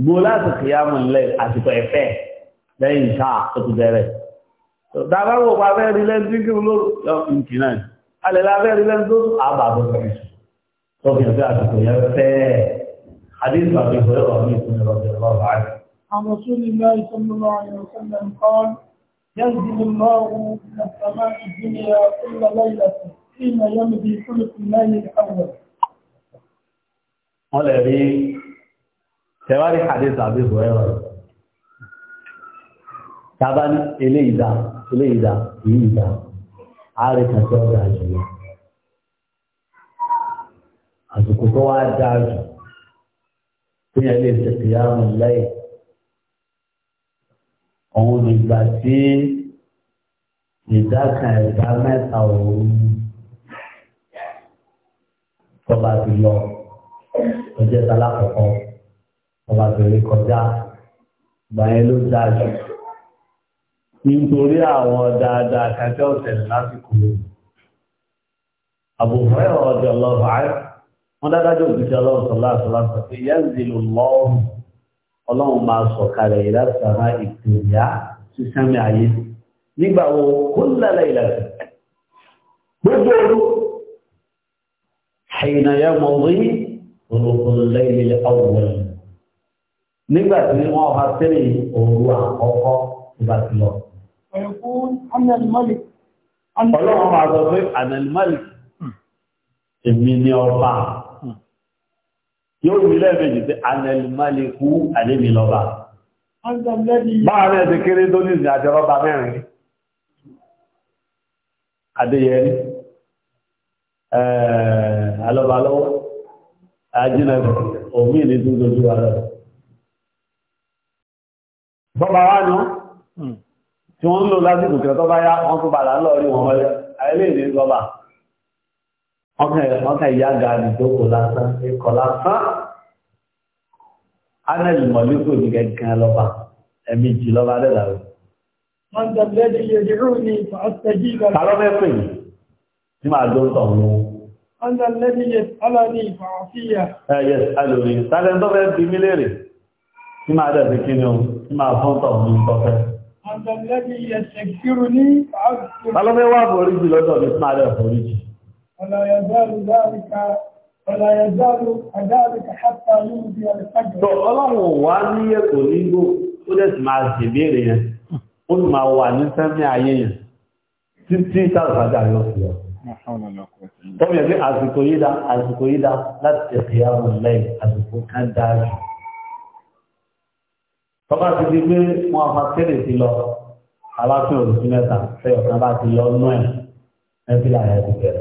gbó láti kìyàmù ńlẹ̀ àsìkò ẹ̀fẹ́ lẹ́yìn ìta tó ti bẹ̀rẹ̀ dábàbò pa fẹ́ rí lẹ́nu dínkì olóró lọ ìkì náà alẹ́ la fẹ́ rí lẹ́nu tó àbà ينزل الماء من السماء الدنيا كل ليلة حين يمضي ثلث الليل الأول wọ́n lè rí tẹwárí hadith àbí ìwẹ̀rọ tàbá ní ilé ìdá ilé ìdá ìyí ìdá ààrẹ kàtí ọ̀rẹ́ àjùlọ àsìkò tó wá dáa jù tí yẹn lè ṣe ìyá ọmọ lẹ́yìn òun nígbà tí ìdá kan ẹ̀dá mẹ́ta òun tọ́ba ti lọ ọjọ́ ìtàlá kọ̀ọ̀kan tọ́ba ti rí kọjá ìgbà yẹn ló dáa jù nítorí àwọn dáadáa kájọ́ ọ̀sẹ̀lẹ̀ lásìkò rẹ̀ àbùfẹ́ ọ̀dọ̀ lọ́fàá wọn dáadáa jọ òṣìṣẹ́ ọlọ́run sọ̀lá àṣọlá sọ pé yẹn ń zèlò lọ́rùn ọlọ́run máa sọ̀kalẹ̀ ìlàsàmà ìpìyà sísámi ayé nígbà wo kó lálẹ́ ìlàsà gbogbo olú ṣìnàyà mọ̀rí olùkùnlẹ̀ ilẹ̀ ọ̀wọ̀n nígbà tí wọ́n ha sílẹ̀ òru àkọ́kọ́ tó bá ti lọ. ọlọ́run máa sọ pé ànàlìmọ́lì èmi ni ọba yóò wí lẹ́ẹ̀mejì pé anẹ́lìmọ́lẹ̀ kú àdébì lọ́ba. Báwa náà ti kéré tó ní ìsìn àti ọlọ́ba mẹ́rin. Adéyẹrí, alọ́ba lọ́wọ́, ajínà òmí ìlú tó dojú wa lọ́wọ́. Bọ́ba wá nú, hmm. tí wọ́n ń lò lásìkò kí ọtọ́ ọkà ìyá gàdì tó kò lásán ikọ̀ lásán anẹ́lì mọ̀lúkò ní gẹ́gẹ́ lọ́ba ẹ̀mí jì lọ́ba dẹ́dàrú. wọ́n tẹ̀ lẹ́dí yẹ̀dì rú ni ọ̀tẹ̀jì lọ́ba. ta ló fẹ́ tí màá dó tọ̀ lọ. wọ́n tẹ̀ lẹ́dí yẹ̀dì alọ́ni ìfọ̀ọ́fíyà. ẹ yẹ alòrì sálẹ̀ tó fẹ́ bí mí léèrè dẹ̀ fi kí ni ولا يزال ذلك ولا يزال ذلك حتى يمضي الفجر tó ọlọ́run wá ní ètò nígbò ó dẹ̀ sì máa sì béèrè yẹn ó sì máa wà ní sẹ́mi ayé yẹn títí sàrùfàjà yóò fi ọ. tọ́wọ́ yẹn pé àsìkò yìí dá àsìkò yìí dá láti tẹ̀sí àwọn lẹ́yìn àsìkò kan dáa jù. tọ́ba ti di pé wọ́n afa kéde sí lọ aláfin òrùsí mẹ́ta fẹ́ ọ̀kan bá ti yọ ọ́nú ẹ̀ ẹ́ fi làyà ti bẹ̀rẹ̀.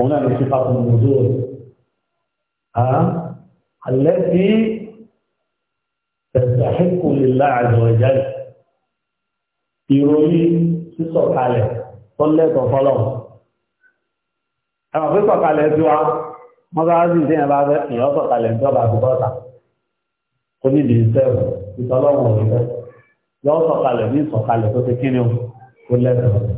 òun náà ló ti fa kùnú ojú rẹ̀ alẹ́ tí ẹ̀sẹ̀ àhíkù lè láàjọ ìjà ìròyìn sísọ̀kalẹ̀ tó lẹ́tọ̀ fọ́lọ̀ ẹ̀wọ̀n pé sọ̀kalẹ̀ tí wa mọ́sáàsì tí ẹ̀bá fẹ́ ìyọ́ sọ̀kalẹ̀ tí ọba àti bọ́ta ó ní ìdí sẹ́wọ̀n ìtọ́lọ́wọ̀n òṣìṣẹ́ yọ́ sọ̀kalẹ̀ ní ìsọ̀kalẹ̀ tó ti kíni ó lẹ́tọ̀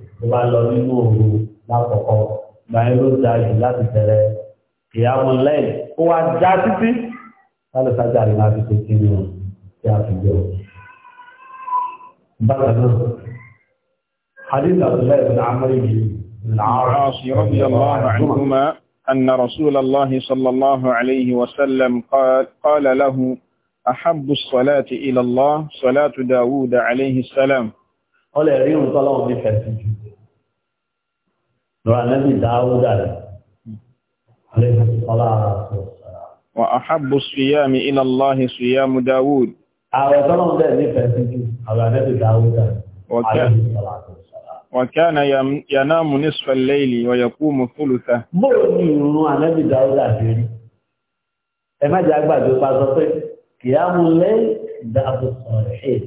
tó bá lọ nínú òru lákọ̀ọ́kọ́ gbàyẹn ló da jù láti bẹ̀rẹ̀ ìyàwó lẹ́yìn ó wá já títí lálẹ́ sájà rẹ̀ láti tó kí ni o tí a fi jẹ́ o. bákan náà hadith abdullahi bin amr yìí العاص رضي الله عنهما أن رسول الله صلى الله عليه وسلم قال, قال له أحب الصلاة إلى الله صلاة داود عليه السلام قال يريد صلاة بفاتحة lọ́wọ́ anábì dáúdà rẹ̀ wa ahabbu siyami ila Allah siyamu Dawud àwọn tọ́lọ́wọ́ dẹ̀ nífẹ̀ẹ́ sí jù àwọn anábì dáúdà wa kana yanamu nisfa al-layli wa yaqumu thulutha bóò ní ìrún anábì dáúdà rẹ̀ ẹ má jẹ́ àgbàdo pa sọ pé kìyàmù lẹ́yìn dáàbò sọ̀rọ̀ ẹ̀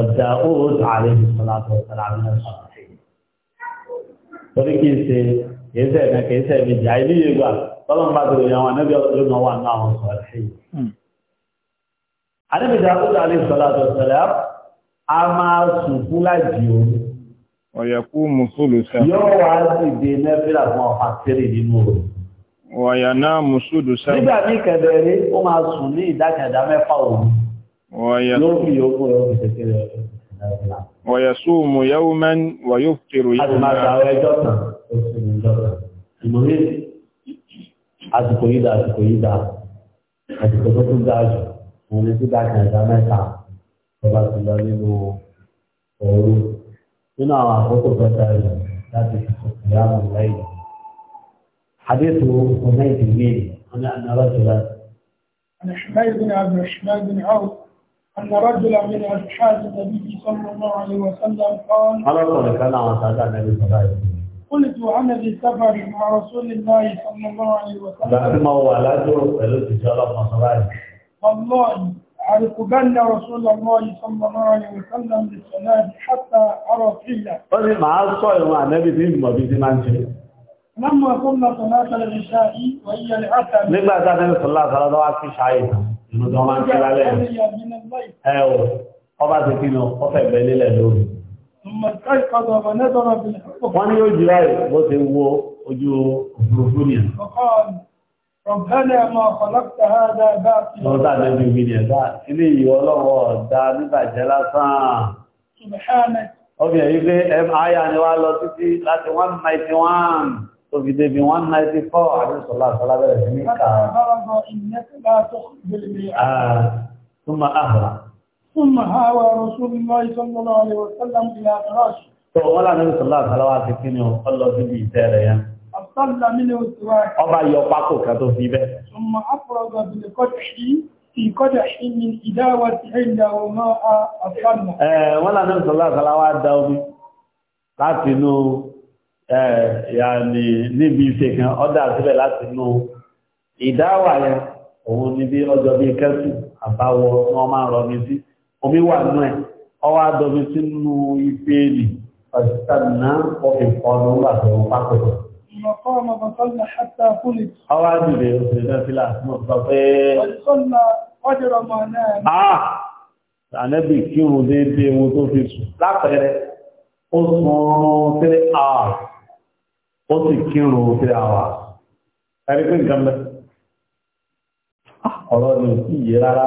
ọ̀dà ó rò àlejò sọ̀rọ̀ àtọ̀ sọ̀rọ̀ àmì torí kìí ṣe kìí ṣe ẹ̀kan kìí ṣe ẹ̀mí jà ilé yìí gbà tọ́lọ́n bá tòrò yàwọn anábì ọdún náà wà náà wọn sọ̀rọ̀ sí hmm. i. anábì dàkúdà alẹ́ sọ̀rọ̀ àtọ̀sọ̀rọ̀ a máa sùn fún láti òru. ọ̀yẹ̀kú mùsùlù sẹ́. yóò wá dìde nẹ́fìlà fún ọ̀fà tẹ́lẹ̀ nínú òru. ọ̀yà náà mùsùlù sẹ́. nígbà mí kẹ̀dẹ̀ẹ́rẹ́ ويصوم يوما ويفطر يوما أذكر يدا أذكر يدا أذكر كم داج من يدا كان زمان تا فبعض الذين هو هنا هو كم داج داج في يوم الليل حديثه هنا في الليل أنا أنا رجل أنا شمال بن عبد الشمال بن عوف أن رجلا من أصحاب النبي صلى الله عليه وسلم قال أنا أقول أنا وأصحاب النبي صلى الله عليه وسلم قلت أنا في سفر مع رسول الله صلى الله عليه وسلم بعد ما هو على دور الرجال مصرعي والله أرقبن رسول الله صلى الله عليه وسلم للصلاة حتى أرى قلة قال مع الصائم مع النبي دين ما بيدي مانشي لما قمنا صلاة الغشاء وهي العتب نبقى ذا النبي صلى الله عليه وسلم ìmọ̀tọ́ máa ń kí lálẹ́ ẹ̀ ọ̀ ọba ti kí ni ọfẹ́ ìgbẹ́lẹ́ lẹ̀ lórí. wọ́n ní ojú ayé bó ti wo ojú òfurufú ni. lọ́dà lẹ́bi mi ni ẹ̀dá ilé ìwọ lọ́wọ́ ọ̀dà níbàjẹ́ lásán. ọbẹ̀ yìí pé ẹ̀ máa yà ni wá lọ títí láti one ninety one tó fi débi 194 àdúsọ̀lá àtàlábẹ̀rẹ̀ sí ní kàá. ثم أهرى ثم هاوى رسول الله صلى الله عليه وسلم إلى فراشه. فقال النبي صلى الله عليه وسلم قال له في بيتارة يعني. أصلى منه السواك. أبا يوقعك كتو في به. ثم أفرغ بالقدح في قدح من إداوة عنده ماء أصلى. ولا النبي صلى الله عليه وسلم قال له yàní níbi ìfẹ́ kan ọ́dà sílẹ̀ láti nú ìdáwà yẹn òun ni bí ọjọ́ bí kẹ́sù àbáwọ tí wọ́n máa ń rọ mi sí omi wà nú ẹ̀ ọwọ́ adọ́mi sínú ife èlì ọ̀sánná ọ̀fẹ́ ọ̀nà ńgbà tó ń pápẹ́. ọwọ́ adìrẹ òṣèré náà sílẹ̀ àtúnmọ̀ sọ pé. Ah! ànẹ́bì kírun déédéé wo tó fi sùn lápẹẹrẹ ó sùn ó sì kírun sí àwà ẹni pé nǹkan bẹ ah, ọ̀rọ̀ ni kí yé rárá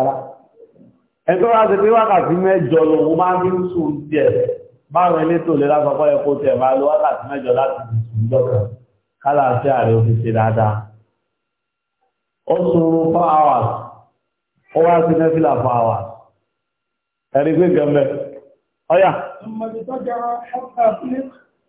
ẹni tó wá sí pé wákàtí mẹ́jọ lòun máa ń sùn díẹ̀ báwọn elétò lè lásọpọ̀ yẹ kó tiẹ̀ máa lo wákàtí mẹ́jọ láti sùn lọ́kàn kálàáfíà rẹ̀ ó fi ṣe dáadáa ó sunrun four hours ó wá sí nẹ́fìlà four hours ẹni pé nǹkan bẹ ọ̀yà. ọmọdé tó jẹ́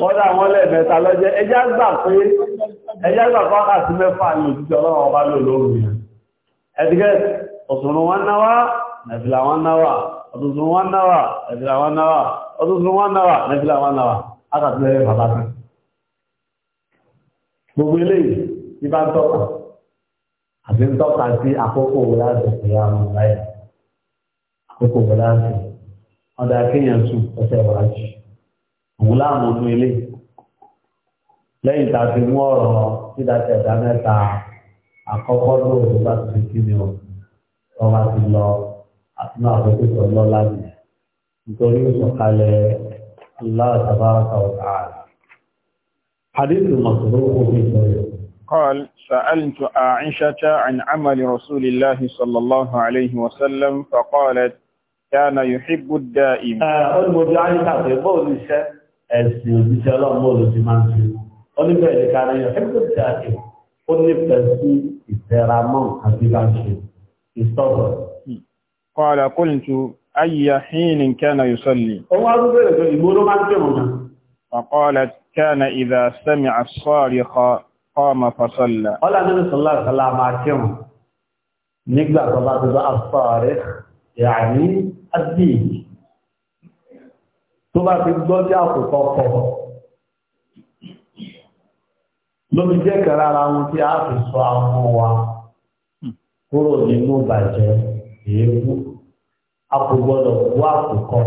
Kọ́dà wọn lẹ́ẹ̀mẹ́ta lọ́jẹ́, ẹjá gbà pé ẹjá gbà pàkà sí mẹ́fà ní òjújọ ọlọ́run ọba lò lóòrùn yẹn. Ẹ̀dìgẹ́ ọ̀sùnrún wọn náwà, nàìjíríà wọn náwà, ọ̀tùnrún wọn náwà, nàìjíríà wọn náwà, ọ̀tùnrún wọn náwà, nàìjíríà wọn náwà, ákàtúnlẹ̀ bàbá kan. Gbogbo eléyìí, ibà ń tọ́ka, àti ń tọ́ka sí àkókò wọlé àti ìyá àwọn ọ̀láyà, àkókò wọlé àti ọ̀dà kéèyàn sùn ọ̀sẹ̀ ìwọ̀lájì òun láàmú inú ilé lẹ́yìn tá a fi mú ọ̀rọ̀ dídájọ́ ẹ̀dá mẹ́ta àkọ́kọ́ lóòrùn bá ti fi kíni o ọba ti lọ àtúnú àkókò tó lọ láyé nítorí ìsọ̀kalẹ̀ Allah tabaraka wa ta'ala. حديث قال سألت عائشة عن عمل رسول الله صلى الله عليه وسلم فقالت كان يحب الدائم. أقول مجاعي تعطي بول ẹ̀sìn òjíṣẹ́ ọlọ́run bóòlù ti máa ń ṣe ó ní bẹ́ẹ̀ ní kárí ẹ̀ ẹ́ gbọ́dọ̀ ṣe àṣẹ ó nífẹ̀ẹ́ sí ìtẹramọ́ àti láṣẹ ìsọ̀rọ̀. kọ́ra kóńtù ayíya hínì kẹ́nà yusalli. ó wá ń bẹ̀rẹ̀ pé ìgbó máa ń tẹ̀wọ̀n náà. فقالت كان إذا سمع الصارخ قام فصلى. قال النبي صلى الله عليه وسلم كم نقدر صلاة الصارخ يعني الدين tó bá fi gbọ́ sí àkùkọ pọ̀ lómi jẹ́ kẹrẹ ara wọn tí a fi sọ àwọn wa kúrò nínú ìbàjẹ́ èébú a kò gbọdọ̀ wú àkùkọ.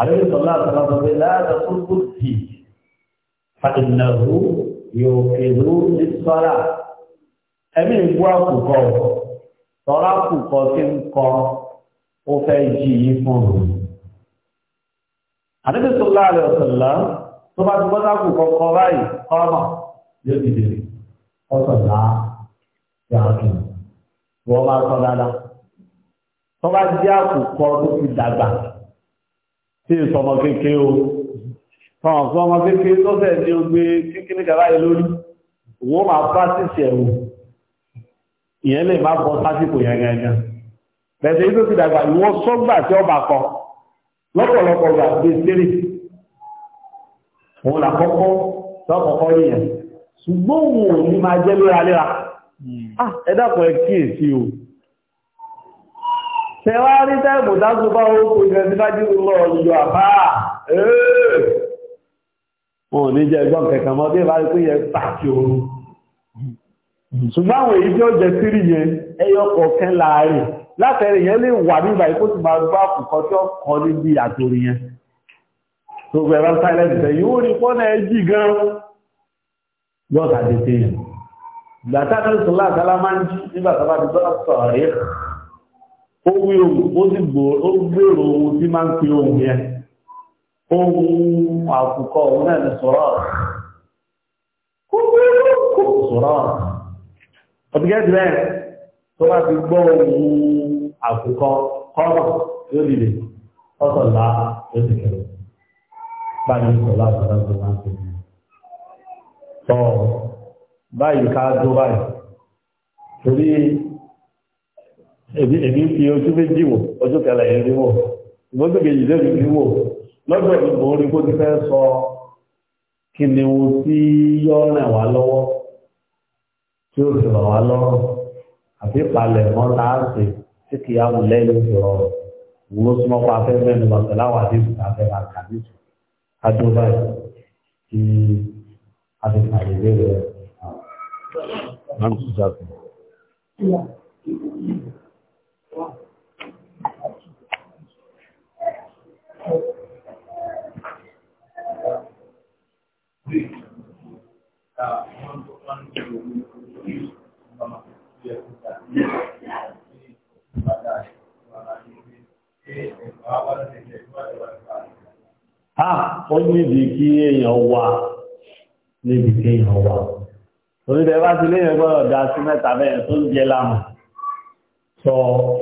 àlejò sọ̀rọ̀ àtàlà sọ pé láàrín tó kù sí fàtìnàrú yóò kéwú ní sọ́ra ẹ̀mí ìwú àkùkọ tọ́ra àkùkọ tí ń kọ ó fẹ́ jí yí fún òun àdébí sọlá rẹ̀ ọ̀sọ̀lá tó bá ti bọ́dá kù kọ̀ọ̀kan báyìí ọmọ yóò ti dèrè ọ̀sọ̀lá yàrá kì í wọ́n máa sọ dáadáa tó bá jẹ́ àkùkọ tó ti dàgbà tí ìsọmọ kékeré o tọ́wọ̀n fún ọmọ kékeré tó fẹ́ ní ogbe kékeré gàrá yìí lórí wọ́n máa pàṣíṣì ẹ̀wò ìyẹn lè má bọ́ sásìkò yẹn gẹ́gẹ́ bẹ̀sẹ̀ yìí tó ti dàgbà ìwọ́n sọ́gbà tí ọba kan lọ́pọ̀lọpọ̀ gbà gbé sẹ́rì òun làkọ́kọ́ lọ́kọ̀ọ́kọ́ yìnyẹn ṣùgbọ́n òun ò ní máa jẹ́ léraléra hmm. ah, ẹ dákun ẹ kíyèsí o tẹwà rí tẹ́gbò dájú bá ó kò jẹ́ sí lájú lọ yọ àbá ẹ̀ẹ́ wọn ò ní jẹ́ ẹgbọ́n kẹ̀kàn mọ́ bí i bá rí pé yẹ pàtí oorun hmm. ṣùgbọ́n àwọn èyí tí ó jẹ sírì yẹn ẹyọ kọ̀ọ̀kan láàárín látẹ̀rẹ̀ yẹn lè wà ní ìbàyí kó ti máa gbá kùkọ́ tí ó kọ́ níbi àtòrí yẹn tó gbẹ̀rọ silence ẹ̀ yóò rí pọ́nà ẹjì gan yóò tàbí tí yẹn gbàtà kan sọ látàlá máa ń jí nígbà tó bá ti gbọ́ sọ̀rẹ́ ó wí ohun ó sì gbèrò ohun tí máa ń pe bẹ́ẹ̀ tó bá ti gbọ́ ohun àkùkọ kọ́rọ̀ yóò dìde ọ̀sọ̀lá yóò sì kẹrù báyìí sọ̀lá ọ̀sọ̀lá tó máa ń pè ní. sọ báyìí ká tó báyìí torí èmi fi ojú méjì wò ojú kẹlẹ̀ yẹn rí wò ìmọ̀tò kejì lẹ́nu rí wò lọ́dọ̀ ìgbò orí kó ti fẹ́ sọ kí ni ohun tí yọ ràn wá lọ́wọ́ tí ó sì ràn wá lọ́rùn àti ìpalẹ̀mọ́ tá tí kì í yà wọ́n lẹ́yìn ìṣòro wúlò súnmọ́ fún afẹ́fẹ́ ní lọ́sẹ̀ láwọn àdéhùn afẹ́ rà kàdé tù kájú báyìí kí adéhùn àdéhùn rẹ̀ máa ń tún jáde. Thank Ha ó níbi kí èèyàn wà níbi kí èèyàn wà. Torí bẹ́ẹ̀ bá ti léèyàn gbọ́dọ̀ da sí mẹ́ta bẹ́ẹ̀ tó ń jẹ lánàá. Sọ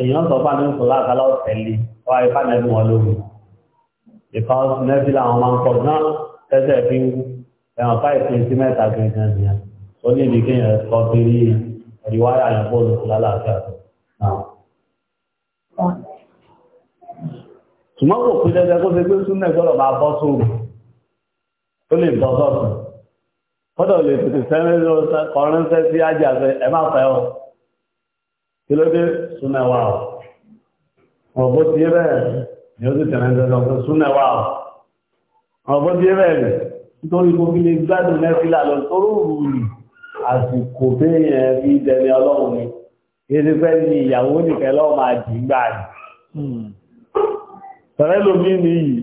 èèyàn sọ fáwọn ẹ̀sùn láàkálá ọ̀tẹ̀lé wá ifá nẹ́bí wọn lórí. Ìfá nẹ́bí làwọn máa ń kọ̀ náà tẹ́sẹ̀ fi ń ẹ̀wọ̀n fáì pín sí mẹ́ta gẹ̀gẹ̀ nìyẹn. Ó níbi kí èèyàn kọ́ kiri ìwáyà yẹn kó lọ́lá àti àtọ̀. ṣùgbọ́n kò pín dandan kó ṣe pé súnà gbọ́dọ̀ máa bọ́ sóòrùn ó lè bọ́ sọ́ọ̀tún kọ́dọ̀ lè tètè sẹ́rẹ́ kọrínṣẹ́ sí ájá fẹ́ ẹ má fẹ́ ọ kí ló dé súnà wà ọ wọn bó ti bẹ́ẹ̀ ni ó sì tẹ̀lé ń dandan fún súnà wà ọ wọn bó ti bẹ́ẹ̀ ni nítorí mo fi lè gbádùn nẹ́fìlà lọ tóró rù rù àsìkò téèyàn fi dẹni ọlọ́run ni kí ẹni fẹ́ ni ìyàwó nìkẹ́ lọ́ọ́ máa dì í gbà ní. Tọ̀rẹ́ ló mi ní yìí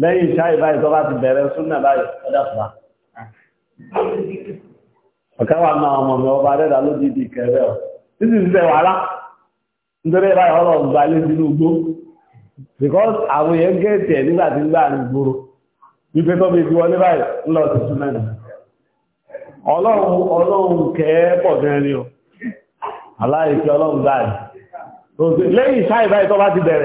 lẹ́yìn iṣẹ́ bá ti bẹ̀rẹ̀ súnà báyìí ọ̀dà Ọ̀ká wà máa ọmọ mi ọba dẹ́dà ló di ìkẹrẹ ọ̀. Títí ti tẹ̀ Nítorí báyìí ọ̀rọ̀ lé Because àwọn èèyàn gẹ̀ẹ́tì ẹ̀ nígbà tí ní tó wọlé báyìí ń lọ sí Ọlọ́run ọlọ́run pọ̀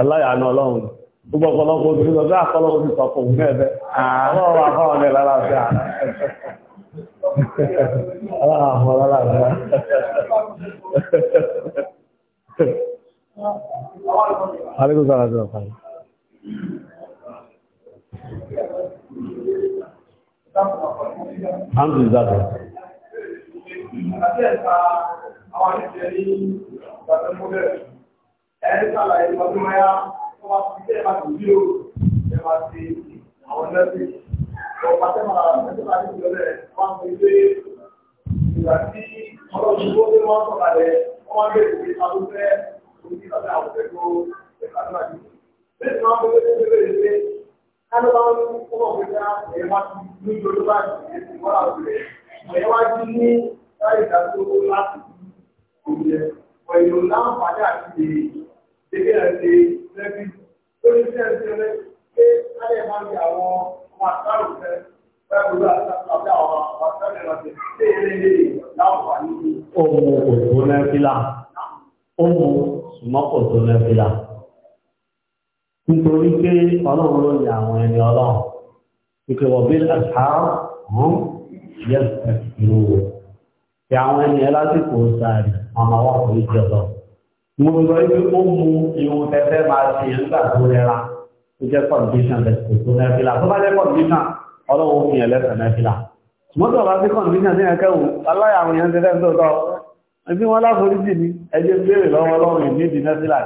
aláyàánú ọlọ́run gbogbo ọ̀pọ̀lọpọ̀ obìnrin lọ bí àkọlọ́pọ̀ ti sọ̀kọ̀ òun náà bẹ́ ọlọ́run àfáwọn ọ̀nà lálàáfíà aláàmọ́ lálàáfíà alẹ́kùn sára sí ọ̀pá Hamdu ẹni sàlàyé ọdún mẹ́yà tó bá ti dé bá ti bí o ẹ bá ti àwọn nẹ́ẹ̀sì lọ bá tẹ́ máa tẹ́tẹ́ bá ti jọlẹ̀ wá fi dé ìgbà tí ọlọ́run tó dé wọ́n sọ̀rọ̀ rẹ̀ wọ́n máa ń bẹ̀rẹ̀ sí ìta tó fẹ́ orí ọ̀dà àwọn ọ̀fẹ́ tó ẹ̀ka tó àdé. bẹ́ẹ̀ ni wọ́n bẹ̀rẹ̀ sí bẹ̀rẹ̀ sí káló bá ń kọ́ ọ̀gbẹ́ ká ẹ̀ wá ti ní ìjọba bá ti ẹ̀ ti wọ́n àwọn rẹ̀ ilé àti lẹ́bí lórí sí ẹ̀sìn rẹ̀ pé ayé máa ń di àwọn ọmọ àtàrò rẹ̀ pẹ̀lú àti àwọn àtàrò rẹ̀ ṣé ilé ilé láwùwà nínú. Ohun òtún lẹ́fílà. Ohun sùmọ́kò tó lẹ́fílà. Nítorí pé ọlọ́run ló ní àwọn ẹni ọlọ́run. Ìkẹwọ̀ bí àṣàrò hàn yẹ ìlú wo. Ìyá àwọn ẹni ẹ lásìkò sáà ọmọ wa kò ní jẹ lọ mo sọ ibi ó mu irun tẹ́tẹ́ máa ṣe nígbà tó rẹra tó jẹ́ kọ̀ǹdíṣàn lẹ́sìn tó nẹ́fìlà tó bá jẹ́ kọ̀ǹdíṣàn ọlọ́run fi hàn lẹ́sìn nẹ́fìlà mọ́tò bá sí kọ̀ǹdíṣàn ní ẹ̀kẹ́ wò aláya àwọn èèyàn tẹ́tẹ́ tó tọ́ ẹbí wọn láforíjì ni ẹjẹ́ béèrè lọ́wọ́ ọlọ́run nídìí nẹ́fìlà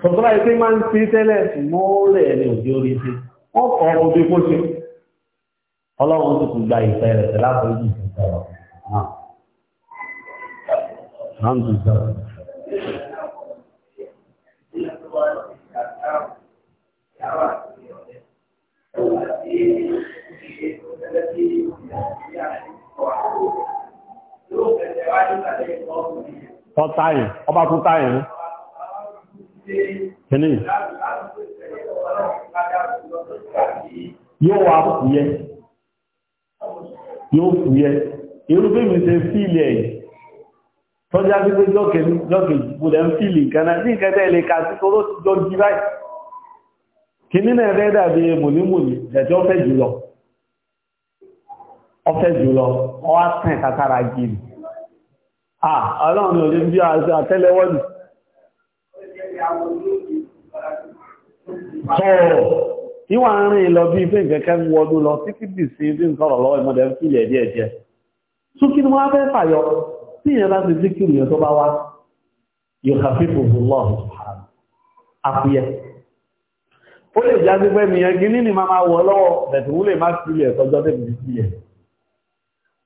tọ́tọ́ láyé pé máa ń sí tẹ́lẹ̀ mọ́ọ́lẹ̀ ẹni òjò orí ṣe wọ́n kọ́ ọmọ bí Ọ̀táyìn, ọba tún táyìn ní. Kìní. Yóò wá fúyẹ́. Yóò fúyẹ́. Irúgbé mi ṣe fílẹ̀ yìí tó já sí pé lọ́kèjì gbọ́dẹ̀ ń fìlì kaná ní ìkẹta ilẹ̀ ká sí toró ti jọ jí báyìí kí nínú ẹ̀rẹ́ dàbí mònímòní ẹ̀jọ́ ọ̀fẹ́ jùlọ ọ̀fẹ́ jùlọ ọwá tẹ̀ kátàrà gírì ah ọlọ́run ni òjò bí àtẹ́lẹwọ́dù sọ̀rọ̀ ìwà rìn lọ bí ìfẹ́ ìkẹ́kẹ́ ń wọdún lọ títí dì sí ibi ń sọ̀rọ̀ lọ́wọ́ ìmọ̀dẹ̀ ń fìlì ẹ̀díẹ̀díẹ̀ tí ìyẹn bá ti díkìrì yẹn tó bá wá yóò kàfí fòfò lọ́ọ̀hù àfúyẹ́ ó lè já sí pé nìyẹn gíní ni máa wọ lọ́wọ́ bẹ̀tù wúlè má sí ilẹ̀ tọjọ́ tẹ̀lé sí ilẹ̀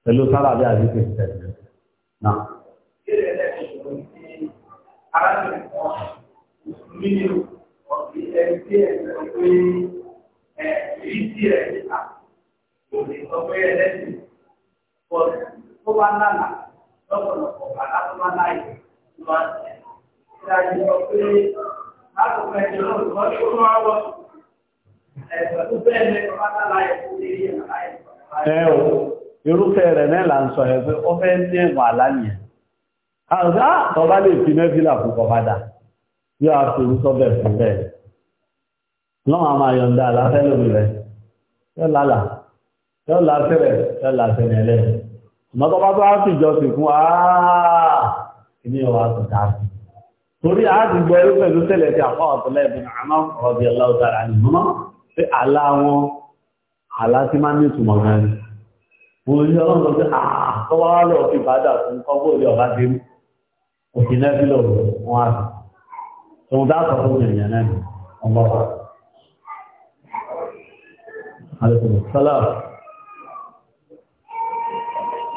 pẹ̀lú sára bí àdíkì náà lọ́pọ̀lọpọ̀ bàbá tó máa láì tó máa tẹ̀. Ìdájí sọ pé lákòókò ẹ̀jẹ̀ náà lọ́wọ́ tó máa wọ̀ ẹ̀sọ̀ tó bẹ́ẹ̀ ní o, irúfẹ́ rẹ̀ náà là ń sọ ẹ̀ pé ó fẹ́ ní ẹ̀wọ̀n àlàyé. Àgbà tọ́ba lè fi mẹ́fìlà fún kọ̀bádà yóò á fi orúkọ bẹ̀ fún bẹ́ẹ̀. Lọ́wọ́ a máa yọ̀ǹda àlàfẹ́ lórí rẹ̀. Yọ́ lálà, yọ́ làásẹ̀rẹ̀, yọ́ làásẹ̀rẹ̀ ẹlẹ́rìí mọ́tọ́ bá tó á sì jọ sí fún àá ní ọwọ́ àtúntà sí torí a ti gbọ́ ẹrú pẹ̀lú tẹ́lẹ̀ tí àpá ọ̀tọ̀lẹ̀ ìbìnà àmọ́ ọ̀rọ̀bí aláwọ̀dára ní mọ́ pé àlá wọn àlá tí máa ní ìtumọ̀ náà ni mo rí ọlọ́run pé àtọ́wọ́ lọ fi bàdà fún kọ́gbó orí ọ̀bá dé mú òfin náà fi lọ́wọ́ wọn á sì tòun dá sọ fún ènìyàn náà ni ọmọ wa. Alaikum salaam.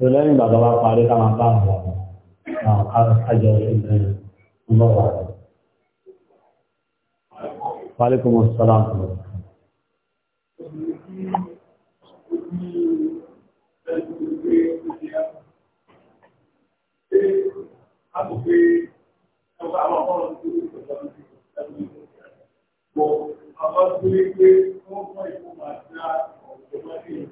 tó lẹ́yìn ìgbà tó bá parí ká máa bá àwọn ọ̀rọ̀ àwọn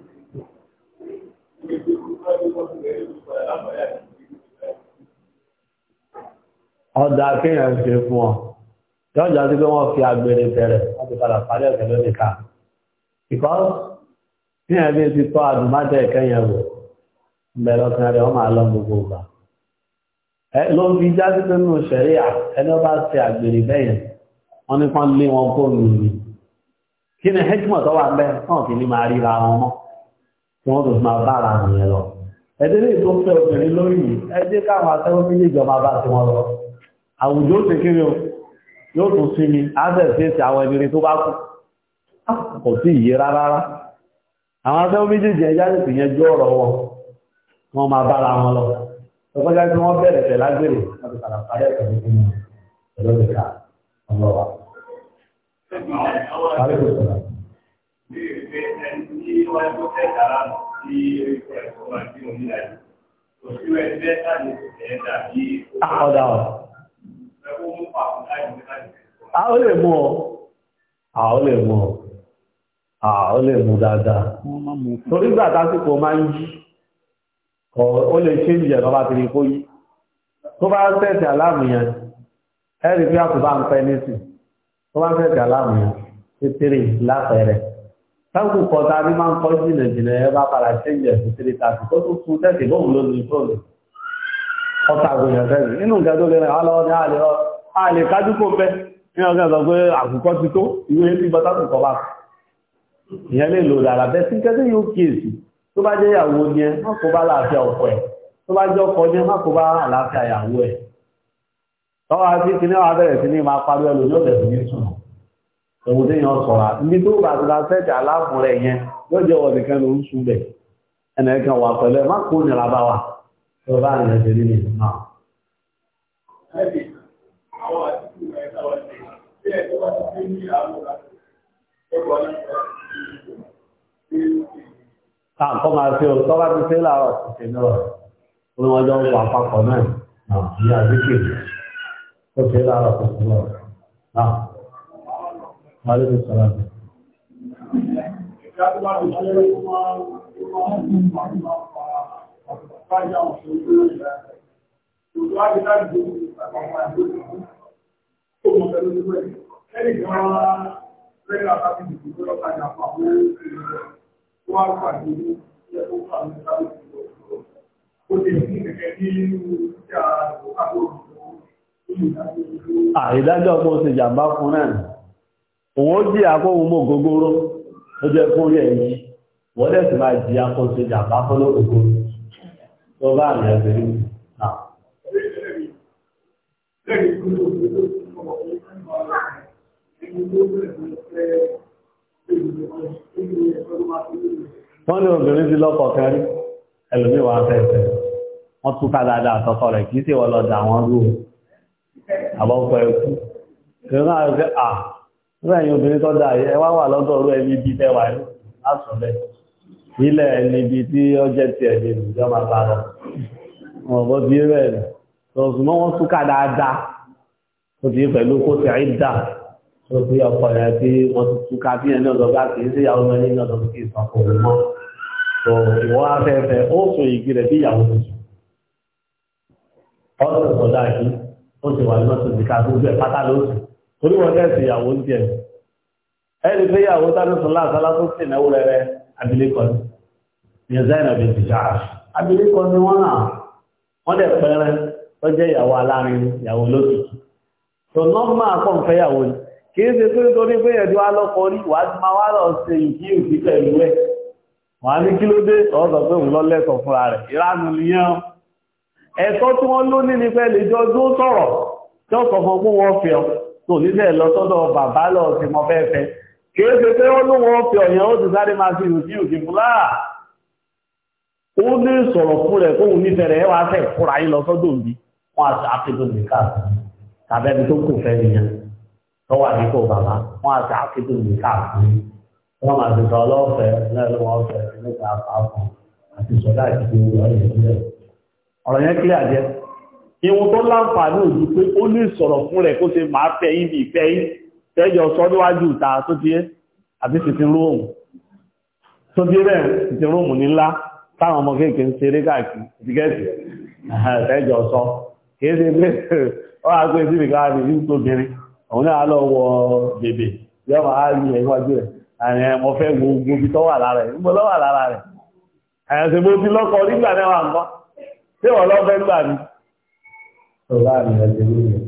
ọ̀dà kéèyàn ṣe fún ọ yọjà sí pé wọ́n fi agbèrè bẹ̀rẹ̀ wọ́n ti padà parí ẹ̀sẹ̀ lónìí ká because kéèyàn bí ti tọ́ àdùmátẹ̀ kẹ́yìn wò bẹ̀rẹ̀ ọkùnrin rẹ̀ wọ́n máa lọ gbogbo ìgbà ló ń fi já sí pé nínú ṣẹ̀rí ẹni ọba ṣe agbèrè wọ́n tó máa bá ara nìyẹn lọ. ẹ̀dẹ́ lè tó fẹ́ obìnrin lórí yìí ẹ jẹ́ káwọn atẹ́wọ́ méjèèjì ọmọ bá ti wọn lọ. àwùjọ ti kiri o yóò tún sí mi ábẹ̀sẹ̀sẹ̀ àwọn ẹ̀mìrin tó bá kú. Ah, kò sí ìyẹ rárá. àwọn atẹ́wọ́ méjèèjì ẹja lè fi yẹn jú ọ̀rọ̀ wọn. wọ́n máa bá ara wọn lọ. ọgbọ́njá tí wọ́n bẹ̀rẹ̀ tẹ̀ lágbèrè wọ́n ti padà parí wọ́n tó fẹ́ dára sí ẹ̀kọ́ ẹ̀kọ́ máa ń bí omi láyé. Kò sí rẹ̀ ní bẹ́ẹ̀ sáà ní ìṣẹ̀lẹ̀ ẹ̀dà bí. Àkọ́dà ọ̀. Ẹ̀kọ́ mú pàkó láì ní láti. A ó lè mú ọ. A ó lè Torí gbà tásìkò máa ń yí. Ó lè ṣe ìjẹ̀ tó bá ti rí kó yí. Tó bá tẹ̀sí aláàmù yẹn, ẹ̀rí pé àkùbá ń pẹ́ nísìn. Tó bá tẹ̀sí aláàmù yẹn, títírì lápẹẹrẹ táwọn kọta ní máa ń kọ́ jìnà jìnà ẹ bá padà ṣẹ́yìn ẹ̀sùn tí lè tàbí tó tó tún tẹ́sì bóun ló lè tó lè ọta àgbòyàn tẹ́sì nínú nǹkan tó lè rẹ̀ lọ́wọ́ ní àlè ọ àlè kájú kó bẹ́ ní ọjọ́ ìsọ pé àkùkọ ti tó ìwé ní bọ́tà tó kọ́ bá ìyẹn lè lò dára bẹ́ẹ̀ sí kẹ́tẹ́ yóò kíyèsí tó bá jẹ́ ìyàwó ni ẹ má kó bá láàfíà ọkọ ẹ̀ tó bá jẹ́ ọkọ ni ẹ má kó bá àlàáfíà ìyàwó ẹ̀ tọ́wọ́ àti kìnìún abẹ́rẹ́ sí ní máa parí ẹlòmíràn sí ní sùn ẹ̀wọ̀n tí yàn sọ̀rọ̀ níbi tó bá ti la sẹ́ẹ̀tì aláàbò rẹ̀ yẹn yóò jẹ́ wọ̀ nìkan ló ń sùn bẹ̀ ẹnì kan wà pẹ̀lú ẹ̀ má kó nira bá wa tó bá rìn ẹ̀jẹ̀ nínú ìlú náà. Ká nǹkan máa ṣe o, tọ́lá ti ṣe láàárọ̀ ti ṣe náà, ó ní wọ́n jọ ń wà papọ̀ náà, ní àdékè, ó ṣe láàárọ̀ tuntun náà. Àlejò sọ̀rọ̀. Àìdájọ́ ọmọ òṣèjàmbá fún náà òun ó jí akóhun mọ́ gógóró ó jẹ́ kó rí ẹ̀yí wọ́n dẹ̀ máa jí akóso jàmbá fọ́lọ́ gógóró tó bá àmì ẹ̀fẹ́ rí náà. wọ́n ní obìnrin ti lọ́kọ̀ kan rí ẹlòmíì wá fẹ́ẹ̀fẹ́ wọ́n tún ká dáadáa àtọ́kọ rẹ̀ kì í sì wọ́n lọ dà wọ́n rú àbọ̀kọ̀ ẹ̀kú. ìrìnà àgbẹ̀ à nígbà yìí obìnrin tó dáa ẹ wá wà lọ́dọ̀ ọ̀rọ̀ ẹni bí tẹwà ẹ láṣọ bẹ ilẹ̀ ẹni bí tí ó jẹ́ tiẹ̀ ní ìjọba bá lọ wọn bọ́ ti rẹ̀ rẹ̀ lọ́sùn mọ́ wọn túkà dáadáa ó ti pẹ̀lú kó ti rí dà ó ti ọkọ̀ rẹ̀ tí wọ́n ti túkà bí ẹni ọ̀dọ̀ bá kì í sí ìyàwó mẹ́rin ní ọ̀dọ̀ kì í sọ kò mọ́ tó ọ̀sẹ̀ sọ̀dá yìí ó ti wà ní ọ̀sẹ̀ ìdíkà gbogbo ẹ̀ pátá lóṣù torí wọn kẹsì ìyàwó ń tiẹ̀ ẹni pé ìyàwó tá a ní sọlá àsálá tó sì náwó rẹ rẹ abilékọ ni ní zaina bíi tìjáà abilékọ ni wọn náà wọn dẹ pẹrẹ tó jẹ ìyàwó alárin ìyàwó lóṣù tó nọ́mbà àkọ́ǹfẹ́ ìyàwó ni kì í ṣe pé torí pé ẹ̀dùn alọ́kọ rí wàá ti máa wá lọ ṣe ìdí òbí pẹ̀lú ẹ̀ wọ́n á ní kí ló dé ọ̀sọ̀ pé òun lọ́lẹ́sọ̀ fúnra rẹ̀ ìránù nìyẹn ẹ̀tọ́ tí wọ́n ló ní ní lè jọ dún sọ̀rọ̀ tí ó sọ fún wọn fi ọ tó nílẹ̀ lọ bàbá lọ sí mọ fẹ́fẹ́ kìí pé ó lóun ó fi ọ̀yàn ó ti sáré máa fi ìrùsí òkè fún ó ní sọ̀rọ̀ fún rẹ̀ kóhun nífẹ̀ẹ́ wá fẹ́ kóra yín lọ sọ́dọ̀ òbí wọn àti àfihàn nìkan tàbí ẹni tó kù fẹ́ nìyẹn tó wà nípò bàbá wọn àti àfihàn nìkan wọn máa ti sọ ọlọ́fẹ́ lẹ́nu ọ̀fẹ́ nípa àpapọ̀ àti sọ̀dá ìwọ̀n tó láǹfààní òjú pé ó lè sọ̀rọ̀ fún rẹ̀ kó ṣe máa fẹ́ yín bí ìfẹ́ yín tẹ́jọ sọ níwájú ìta tó ti yé àbí sì ti róòmù tó ti rẹ̀ ti róòmù nílá táwọn ọmọ kéèké ń ṣeré káàkiri ìdígẹ́sì tẹ́jọ sọ kìí ṣe pé ó wá pé síbi ká rí ní tóbìnrin òun náà lọ wọ bèbè yọ máa rí ẹ̀ níwájú rẹ̀ àyẹ̀ mo fẹ́ wo gbogbo tó wà lára rẹ̀ níbo ló wà ọba mi ẹ̀jẹ̀ lónìí.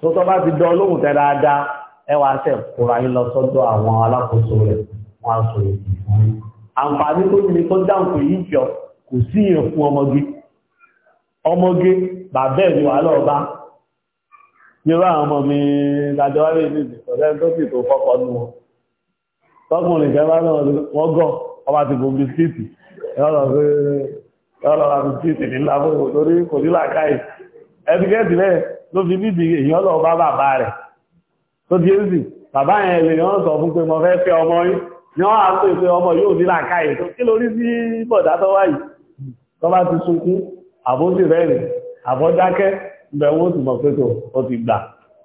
tó tọ́ bá ti dán lóhùn tẹ dáadáa ẹ wàá tẹ̀ kóra yín lọ sọ́dọ̀ àwọn alákòóso rẹ̀ wọ́n á sọ èyí fún yín. àǹfààní tó ní tó dáhùn pé yìí jọ kò sí yẹn fún ọmọge ọmọge bàbá ẹ̀ ni wàá lọ́ọ́ bá irú àwọn ọmọ mi lájọ wáyé ní ìdìkọ̀lẹ́ tó sì tó fọ́kọ́ nù wọn tọkùnrin kẹfà náà wọ́n gọ̀ ọba ti bò bisikíìtì ẹ̀rọ lọ́ọ́ ra bisikíìtì nílá fún ìwòsórí kò ní làákàyè ẹ̀dùgẹ́dì lẹ́yìn ló fi níbi èèyàn lọ bá bàbá rẹ̀ tó di èsì bàbá yẹn lè yàn sọ fún pé mo fẹ́ fẹ́ ọmọ yìí yàn á pè pé ọmọ yóò ní làákàyè tó kí lórí sí bọ̀dá tó wáyì tó bá ti sunkún àbóṣì rẹ̀rìn àbọ́dákẹ́ ibẹ̀ wọ́n ti mọ̀ pé tó o ti gbà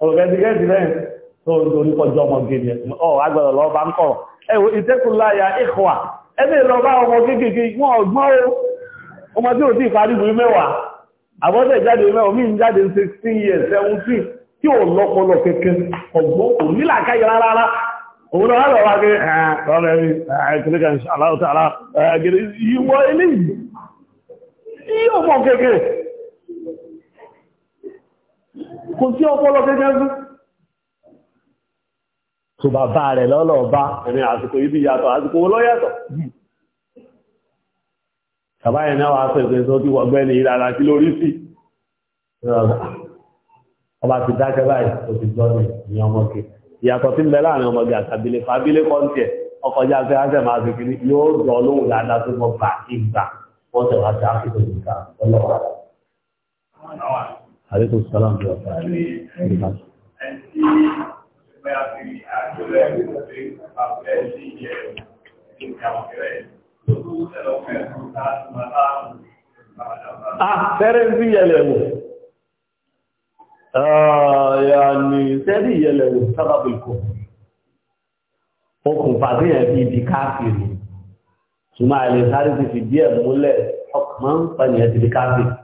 ọ̀rọ̀gẹ́dìgẹ́dì lẹ́yìn tó ń torí kọjọ ọmọ gidi ọ̀ agbọ̀dọ̀ lọ bá ń kọ̀rọ̀ ẹ̀wọ̀ ìtẹ́kùnláyà ìkọ̀à ẹ̀mí lọ bá ọmọ kéékèèké wọn ọ̀gbọ́n o ọmọ tí ò tí ì parí ìwé mẹ́wàá àbọ́dẹ̀ jáde mẹ́ omi ń jáde 16 years 17 tí ò lọ́pọ̀lọ́ kẹ́kẹ́ ọgbọ́n kò nílà káyẹ rárá òun náà lọ́wọ́ wáké ọ̀rọ̀ ẹ̀rí àìkìlẹ́kà aláwọ̀tà aláàgẹ̀rẹ̀ ìwọ ilé yìí ọmọ kẹ́kẹ́ kò sí ọpọlọ kẹ́kẹ́ fún tó bàbá rẹ̀ lọ́lọ́ bá ẹ̀rin àsìkò ibi yàtọ̀ àsìkò olóyàtọ̀ yìí bàbá yẹn náà wàá sẹ̀sẹ̀ sọ tí wọ́n gbẹ́ni ìlànà kí lórí sí ọba ti dákẹ́ báyìí ó ti gbọ́ ní ìyẹn ọmọge ìyàtọ̀ tí ń bẹ láàrin ọmọge àtàbílẹ̀ fàbílẹ̀ kọ́ńtì ẹ̀ ọkọjá fẹ́ á sẹ̀mà sí kiri yóò dọ̀ lóhùn dáadáa Àfẹ́rẹ́ sí yẹlẹ̀wò. Ààyàní sẹ́rí yẹlẹ̀wò ah, sábàbìkò. Okùn fàtí yẹn fi ibi káàkiri. Ṣùgbọ́n àìlè sáré ti fi díẹ̀ múlẹ̀ ọkùnmọ́n pẹ̀lú ẹ̀ ti fi káàkiri.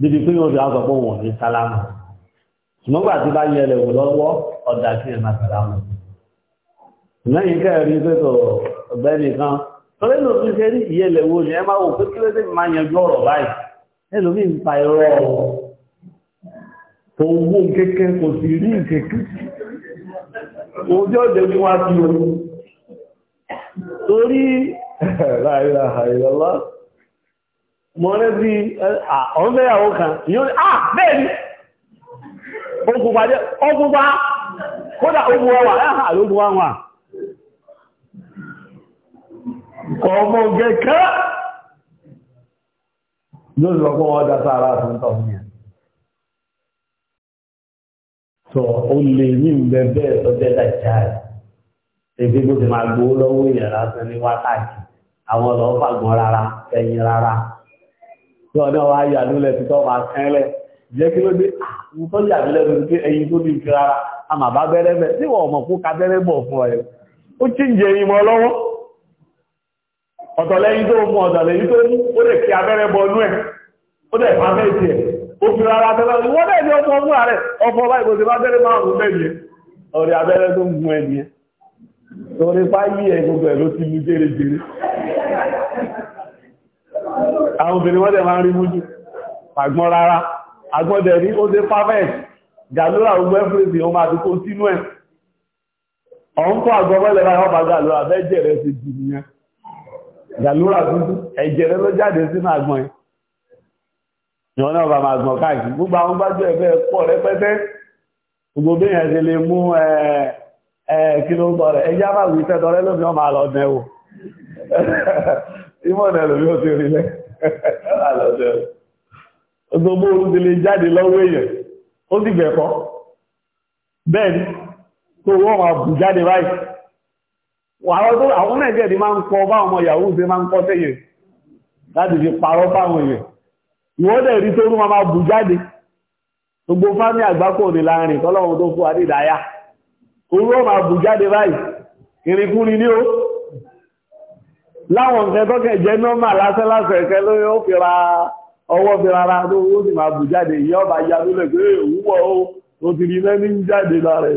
Bíbi pé yóò fi àwọn ọ̀pọ̀ wọn ní sálámù. Ṣùgbọ́n gbà tí bá yẹlẹ̀wò lọ́wọ́ ọ̀dà kí ẹ̀ máa sálámù. Ṣùgbọ́n yìí kẹ́rin pé tó ọ̀gbẹ́ni tọ́lẹ́ ló fi ṣe rí ìyẹlẹ̀ wo ni ẹ máa wò pé kí ló dé máa yanjú ọ̀rọ̀ báyìí ẹlòmí ń pa irọ́ kò wó kẹ́kẹ́ kò sì rí kẹ́kẹ́ ojú ọ̀dẹ̀ bí wá sí o torí láìláìlọ́lá mọ́ rẹ́ bí ọ̀rọ̀mẹ́yàwó kan yóò ní à bẹ́ẹ̀ ni okùnpá kódà okùnwọ́wà ẹ̀hà lókùnwọ́wà ọmọ gẹ́kẹ́ yóò sọ fún wọn dá sára fún tọ́wọ́ yẹn sọ ó lè ní ìgbẹ́ bẹ́ẹ̀ sọ́jẹ́ dàjà rẹ̀ ebi bó ti máa gbowó lọ́wọ́ èèyàn lásán ní wákàtí àwọn ọlọ́wọ́ fàgbọ́n rárá ẹ̀yìn rárá tí ọ̀dọ́ wa yà lólẹ̀ tí tọ́ máa kẹ́lẹ̀ jẹ́ kí ló dé tó yà mí lẹ́nu pé ẹyin tó ní ìfi rárá bẹ́rẹ́ bẹ́ẹ̀ tí wọ́n mọ̀ kó ka bẹ́rẹ́ bọ̀ fún ọ yẹn ó chíǹjẹ ẹyin mọ́ lọ́wọ́ ọ̀tọ̀lẹ́yìn tó mú ọ̀tọ̀lẹ́yìn tó mú ó lè kí abẹ́rẹ́ bọnú ẹ̀ ó lè fa méjì ẹ̀ ó fi rárá tẹ́lá wọ́n bẹ́ẹ̀ ni ọmọ ọmọ rẹ̀ ọmọ ọba ìbòsí bá bẹ́rẹ̀ márùn-ún mẹ́yẹ ọ̀rẹ́ abẹ́rẹ́ tó mú ẹ̀ nìyẹn torí fáyé ẹ̀ gbogbo ẹ̀ ló ti mú jẹ́rẹ̀ jẹ́rẹ̀ àwọn obìnrin wọ́n dẹ̀ máa ń rí mújú àgbọn rárá àgbọn dẹ̀ rí ó dé perfect gàlúrà gbogbo everything ó máa ti kó sínú ẹ̀ ọ̀hún kó àgbọn mọ́lẹ̀ báyìí wọ́n bá gàlúrà bẹ́ẹ̀ jẹ̀rẹ̀ ti jù nìyẹn ìdàlúrà dúdú ẹ̀jẹ̀ rẹ ló jáde sínú àgbọn ẹ̀ ìwọ̀n náà bá máa gbọ̀n káàkiri gbogbo àwọn gbájú ẹ̀fẹ́ pọ̀ rẹpẹtẹ gbogbo bí yẹn ti lè mú kí ló ń tọ́ rẹ̀ ẹjá máa wí tẹ́tọ́ rẹ lómi ọmọ àlọ́ ọdún ẹ̀wò ìmọ̀nà lómi ó ti rí lẹ́ gbogbo orú ti lè jáde lọ́wọ́ èèyàn ó sì gbẹ̀kọ́ bẹ́ẹ̀ ni tó wọ́n máa bù báyìí àwọn ẹ̀jẹ̀ ni máa ń kọ bá ọmọ yahoo ṣe máa ń pọ̀ tẹ́yẹ̀ láti fi parọ́ fáwọn èèyàn ìwọ́dẹ̀ rí tó rú ma bù jáde gbogbo fámí àgbákò ní láàrin tọ́lọ́run tó fún adídáyà ọmọ bù jáde báyìí ní láwọn nǹkan tọ́kẹ̀ jẹ́ nọ́mà fi ra ọwọ́ fi tó ó sì máa bù jáde ìyá ọba ya pé ó ti rí iná ní jáde lára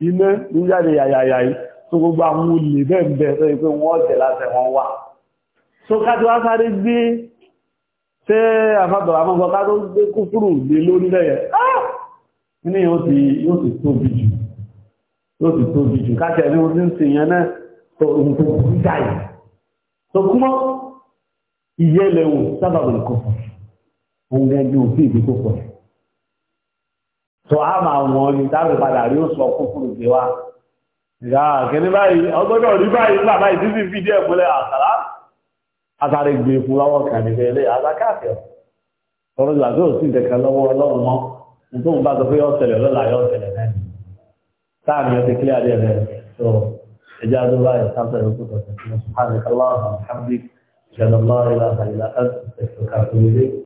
iná tó gbogbo àwọn olè bẹ́ẹ̀ bẹ́ẹ̀ tó ipé wọ́n jẹ́ láti wọn wà tó kájú wá sáré gbé tẹ́ àfàbọ̀rọ̀ àmọ́gbọ́ ká tó gbé kúfúrù lé lórí lẹ́yẹ ah! ní yóò ti tóbi jù yóò ti tóbi jù káṣẹ ní ojú ń sèyàn náà tó ohun tó kú jáì tó kúmọ́ ìyẹ́ lẹ́wọ̀n sábàbọ̀ ìkọ̀kọ̀ òun gẹ́gẹ́ òfin ìdíkọ̀kọ̀ tó á máa wọ́n ní táwọn ìpadà rí ó sọ kúfúrù gbé wá ìgbà kìíní báyìí ọgbọ́dọ̀ rí báyìí nígbà báyìí títí fìdí ẹ̀ múlẹ̀ àsàrà àtàrí gbé fún lọ́wọ́ kànífẹ́ ilé alákàfẹ́ ọ̀rọ̀ ìgbà tó sì dẹ̀ka lọ́wọ́ ọlọ́run mọ́ nítorí bá sọ pé yọ ṣẹlẹ̀ lọ́la yọ ṣẹlẹ̀ náà táàmì ọtí kílẹ̀ adé rẹ̀ tó ẹja tó báyìí sáfẹ́ ìlú tó tẹ̀sán